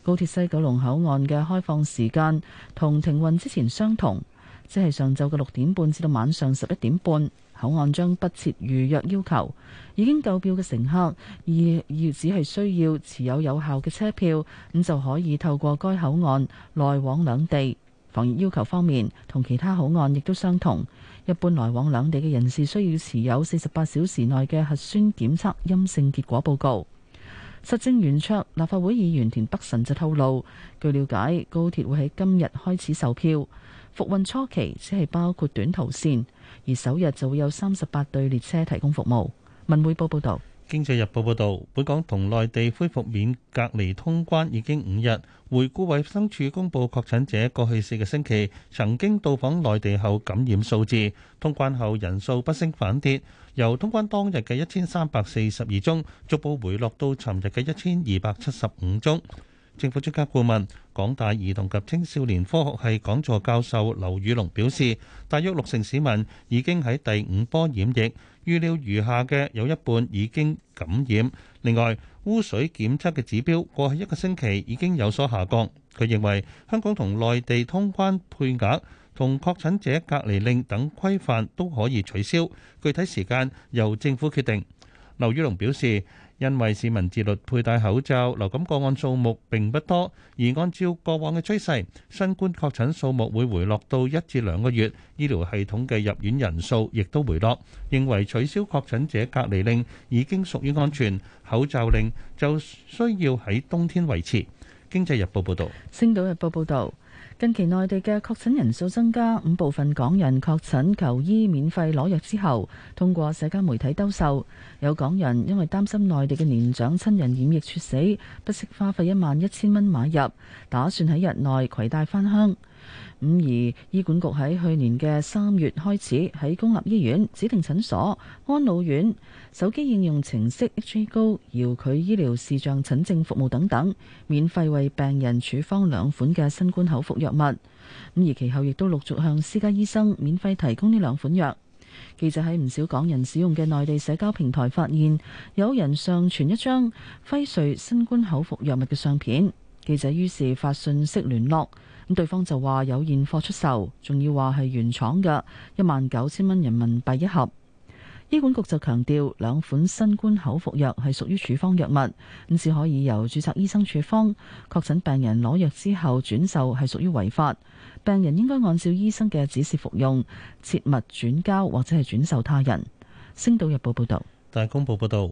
高鐵西九龍口岸嘅開放時間同停運之前相同，即係上晝嘅六點半至到晚上十一點半。口岸將不設預約要求，已經購票嘅乘客而要只係需要持有有效嘅車票，咁就可以透過該口岸來往兩地。防疫要求方面，同其他口岸亦都相同。一般來往兩地嘅人士需要持有四十八小時內嘅核酸檢測陰性結果報告。實政圓桌立法會議員田北辰就透露，據了解，高鐵會喺今日開始售票，復運初期只係包括短途線。而首日就會有三十八對列車提供服務。文匯報報導，經濟日報報導，本港同內地恢復免隔離通關已經五日。回顧衞生署公布確診者過去四個星期曾經到訪內地後感染數字，通關後人數不升反跌，由通關當日嘅一千三百四十二宗逐步回落到尋日嘅一千二百七十五宗。政府專家顧問、港大兒童及青少年科學系講座教授劉宇龍表示，大約六成市民已經喺第五波染疫，預料餘下嘅有一半已經感染。另外，污水檢測嘅指標過去一個星期已經有所下降。佢認為香港同內地通關配額同確診者隔離令等規範都可以取消，具體時間由政府決定。劉宇龍表示。因為市民自律佩戴口罩，流感個案數目並不多，而按照過往嘅趨勢，新冠確診數目會回落到一至兩個月，醫療系統嘅入院人數亦都回落。認為取消確診者隔離令已經屬於安全，口罩令就需要喺冬天維持。經濟日報報道，星島日報報道。近期內地嘅確診人數增加，五部分港人確診求醫免費攞藥之後，通過社交媒體兜售，有港人因為擔心內地嘅年長親人染疫猝死，不惜花費一萬一千蚊買入，打算喺日內攜帶返鄉。咁而醫管局喺去年嘅三月開始喺公立醫院指定診所、安老院、手機應用程式 HA Go、遙距醫療視像診症服務等等，免費為病人處方兩款嘅新冠口服藥物。咁而其後亦都陸續向私家醫生免費提供呢兩款藥。記者喺唔少港人使用嘅內地社交平台發現，有人上傳一張輝瑞新冠口服藥物嘅相片。記者於是發訊息聯絡。咁對方就話有現貨出售，仲要話係原廠嘅，一萬九千蚊人民幣一盒。醫管局就強調，兩款新冠口服藥係屬於處方藥物，咁至可以由註冊醫生處方。確診病人攞藥之後轉售係屬於違法，病人應該按照醫生嘅指示服用，切勿轉交或者係轉售他人。星島日報報道，大公報報道。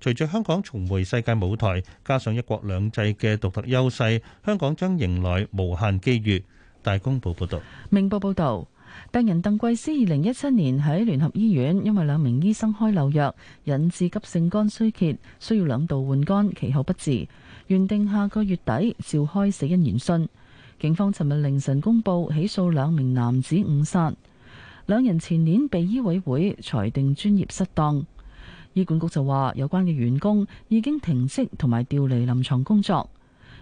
隨著香港重回世界舞台，加上一國兩制嘅獨特優勢，香港將迎來無限機遇。大公報報道：「明報報道，病人鄧桂思二零一七年喺聯合醫院因為兩名醫生開漏藥，引致急性肝衰竭，需要兩度換肝，其後不治。原定下個月底召開死因研訊，警方尋日凌晨公佈起訴兩名男子誤殺，兩人前年被醫委會裁定專業失當。醫管局就話，有關嘅員工已經停職同埋調離臨床工作。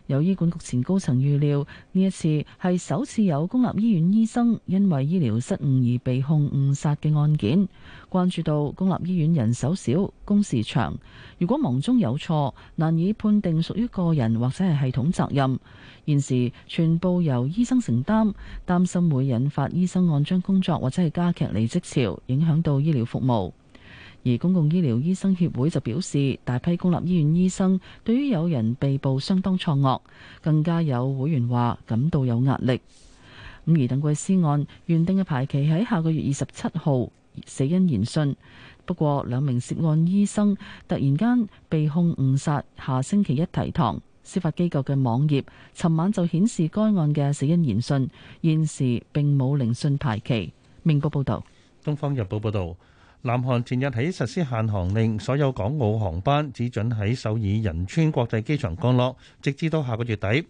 有醫管局前高層預料，呢一次係首次有公立醫院醫生因為醫療失誤而被控誤殺嘅案件，關注到公立醫院人手少、工時長，如果忙中有錯，難以判定屬於個人或者係系統責任。現時全部由醫生承擔，擔心會引發醫生按章工作或者係加劇離職潮，影響到醫療服務。而公共醫療醫生協會就表示，大批公立醫院醫生對於有人被捕相當錯愕，更加有會員話感到有壓力。咁而鄧桂斯案原定嘅排期喺下個月二十七號死因研訊，不過兩名涉案醫生突然間被控誤殺，下星期一提堂。司法機構嘅網頁尋晚就顯示該案嘅死因研訊現時並冇聆訊排期。明報報道，東方日報報道。南韓前日起實施限航令，所有港澳航班只准喺首爾仁川國際機場降落，直至到下個月底。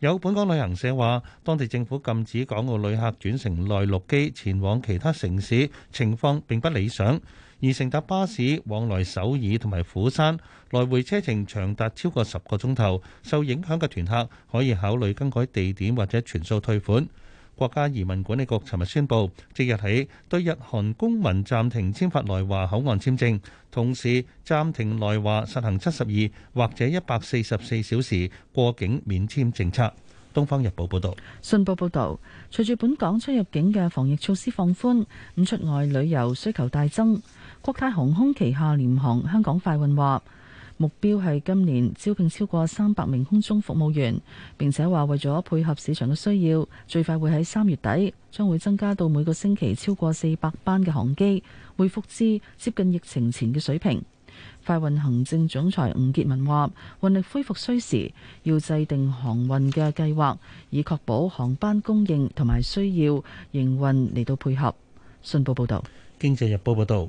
有本港旅行社話，當地政府禁止港澳旅客轉乘內陸機前往其他城市，情況並不理想。而乘搭巴士往來首爾同埋釜山，來回車程長達超過十個鐘頭，受影響嘅團客可以考慮更改地點或者全數退款。國家移民管理局尋日宣布，即日起對日韓公民暫停簽發來華口岸簽證，同時暫停來華實行七十二或者一百四十四小時過境免簽政策。《東方日報》報道，信報報道，隨住本港出入境嘅防疫措施放寬，咁出外旅遊需求大增，國泰航空旗下廉航香港快運話，目標係今年招聘超過三百名空中服務員，並且話為咗配合市場嘅需要，最快會喺三月底將會增加到每個星期超過四百班嘅航機，回復至接近疫情前嘅水平。快運行政總裁吳潔文話：運力恢復需時，要制定航運嘅計劃，以確保航班供應同埋需要營運嚟到配合。信報報道，經濟日報報道。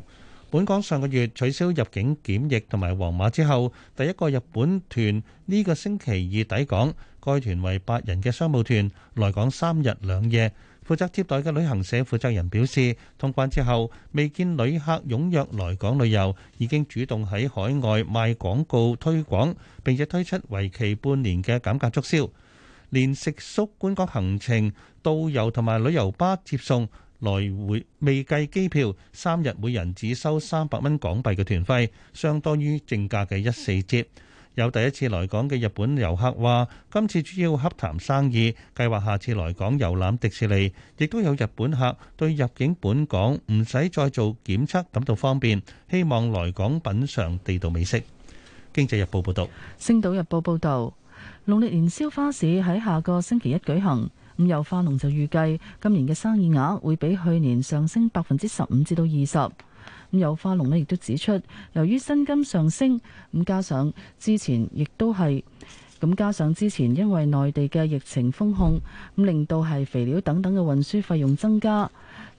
本港上個月取消入境檢疫同埋黃碼之後，第一個日本團呢個星期二抵港。該團為八人嘅商務團，來港三日兩夜。負責接待嘅旅行社負責人表示，通關之後未見旅客踴躍來港旅遊，已經主動喺海外賣廣告推廣，並且推出為期半年嘅減價促銷，連食宿、觀光行程、導遊同埋旅遊巴接送。來回未計機票，三日每人只收三百蚊港幣嘅團費，相當於正價嘅一四折。有第一次來港嘅日本遊客話：今次主要洽談生意，計劃下次來港遊覽迪士尼。亦都有日本客對入境本港唔使再做檢測感到方便，希望來港品嘗地道美食。經濟日報報道。星島日報報道。農曆年宵花市喺下個星期一舉行。咁有花農就預計今年嘅生意額會比去年上升百分之十五至到二十。咁有花農咧亦都指出，由於薪金上升，咁加上之前亦都係，咁加上之前因為內地嘅疫情封控，咁令到係肥料等等嘅運輸費用增加，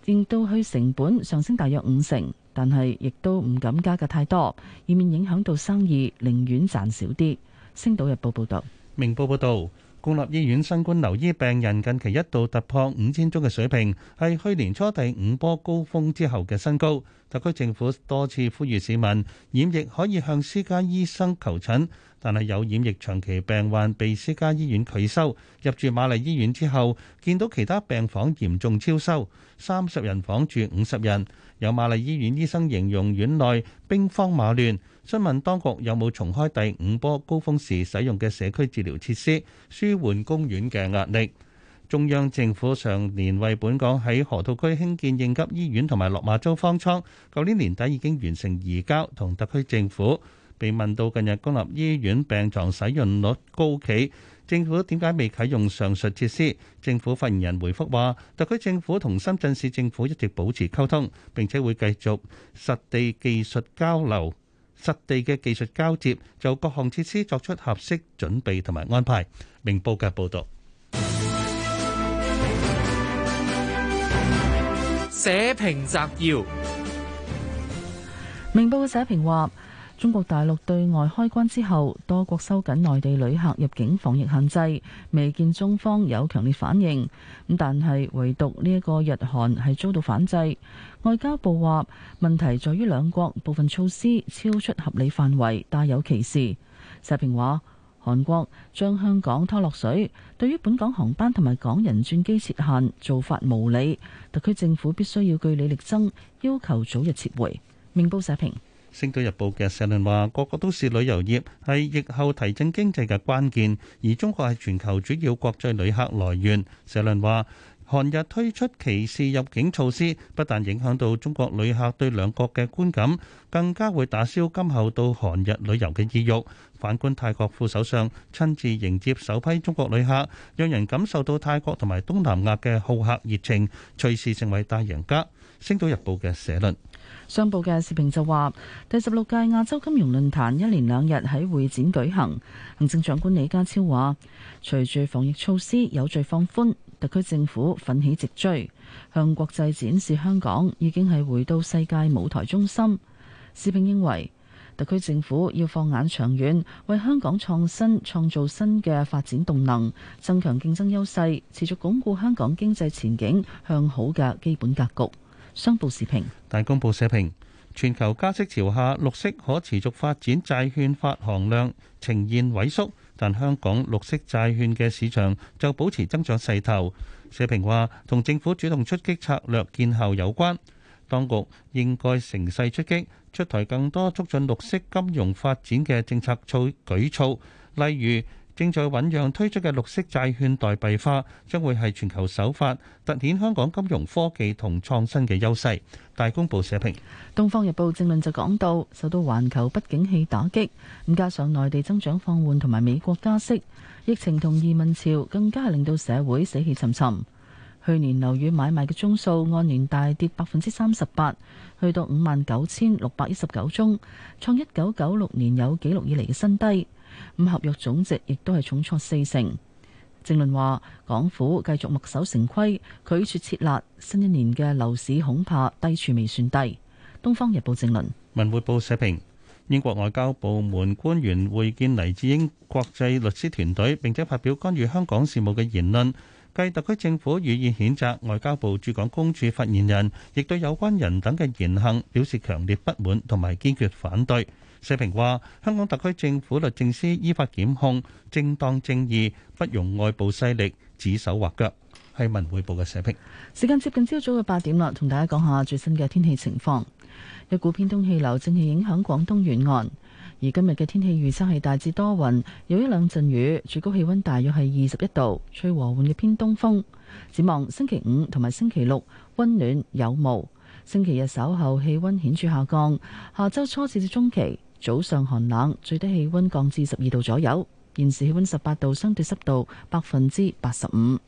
令到佢成本上升大約五成。但係亦都唔敢加價太多，以免影響到生意，寧願賺少啲。星島日報報道。明報報導。公立醫院新冠留醫病人近期一度突破五千宗嘅水平，係去年初第五波高峰之後嘅新高。特區政府多次呼籲市民染疫可以向私家醫生求診，但係有染疫長期病患被私家醫院拒收，入住瑪麗醫院之後，見到其他病房嚴重超收，三十人房住五十人。有瑪麗醫院醫生形容院內兵荒馬亂。詢問當局有冇重開第五波高峰時使用嘅社區治療設施，舒緩公園嘅壓力。中央政府上年為本港喺河套區興建應急醫院同埋落馬洲方艙，舊年年底已經完成移交同特區政府。被問到近日公立醫院病床使用率高企，政府點解未啟用上述設施？政府發言人回覆話，特區政府同深圳市政府一直保持溝通，並且會繼續實地技術交流。實地嘅技術交接，就各項設施作出合適準備同埋安排。明報嘅報道，社評摘要。明報嘅社評話。中國大陸對外開關之後，多國收緊內地旅客入境防疫限制，未見中方有強烈反應。咁但係唯獨呢一個日韓係遭到反制。外交部話問題在於兩國部分措施超出合理範圍，帶有歧視。社評話韓國將香港拖落水，對於本港航班同埋港人轉機設限做法無理，特區政府必須要據理力爭，要求早日撤回。明報社評。《星島日報》嘅社論話，各國都視旅遊業係疫後提振經濟嘅關鍵，而中國係全球主要國際旅客來源。社論話，韓日推出歧視入境措施，不但影響到中國旅客對兩國嘅觀感，更加會打消今後到韓日旅遊嘅意欲。反觀泰國副首相親自迎接首批中國旅客，讓人感受到泰國同埋東南亞嘅好客熱情，隨時成為大贏家。《星島日報》嘅社論。商報嘅視頻就話，第十六屆亞洲金融論壇一連兩日喺會展舉行。行政長官李家超話，隨住防疫措施有序放寬，特區政府奮起直追，向國際展示香港已經係回到世界舞台中心。視頻認為，特區政府要放眼長遠，為香港創新創造新嘅發展動能，增強競爭優勢，持續鞏固香港經濟前景向好嘅基本格局。商報社評，大公報社評，全球加息潮下，綠色可持續發展債券發行量呈現萎縮，但香港綠色債券嘅市場就保持增長勢頭。社評話，同政府主動出擊策略見效有關，當局應該乘勢出擊，出台更多促進綠色金融發展嘅政策措舉措，例如，正在醞釀推出嘅綠色債券代幣化，將會係全球首發，凸顯香港金融科技同創新嘅優勢。大公報社評《東方日報正論》就講到，受到環球不景氣打擊，咁加上內地增長放緩同埋美國加息、疫情同移民潮，更加係令到社會死氣沉沉。去年樓宇買賣嘅宗數按年大跌百分之三十八，去到五萬九千六百一十九宗，創一九九六年有記錄以嚟嘅新低。五合約總值亦都係重挫四成。政論話，港府繼續墨守成規，拒絕設立新一年嘅樓市恐怕低處未算低。東方日報政論。文匯報社評：英國外交部門官員會見黎智英國際律師團隊，並且發表干預香港事務嘅言論，繼特區政府予以譴責。外交部駐港公署發言人亦對有關人等嘅言行表示強烈不滿同埋堅決反對。社評話：香港特區政府律政司依法檢控，正當正義，不容外部勢力指手畫腳。係文匯報嘅社評。時間接近朝早嘅八點啦，同大家講下最新嘅天氣情況。一股偏東氣流正係影響廣東沿岸，而今日嘅天氣預測係大致多雲，有一兩陣雨，最高氣溫大約係二十一度，吹和緩嘅偏東風。展望星期五同埋星期六溫暖有霧，星期日稍後氣溫顯著下降，下周初至中期。早上寒冷，最低氣溫降至十二度左右，現時氣溫十八度，相對濕度百分之八十五。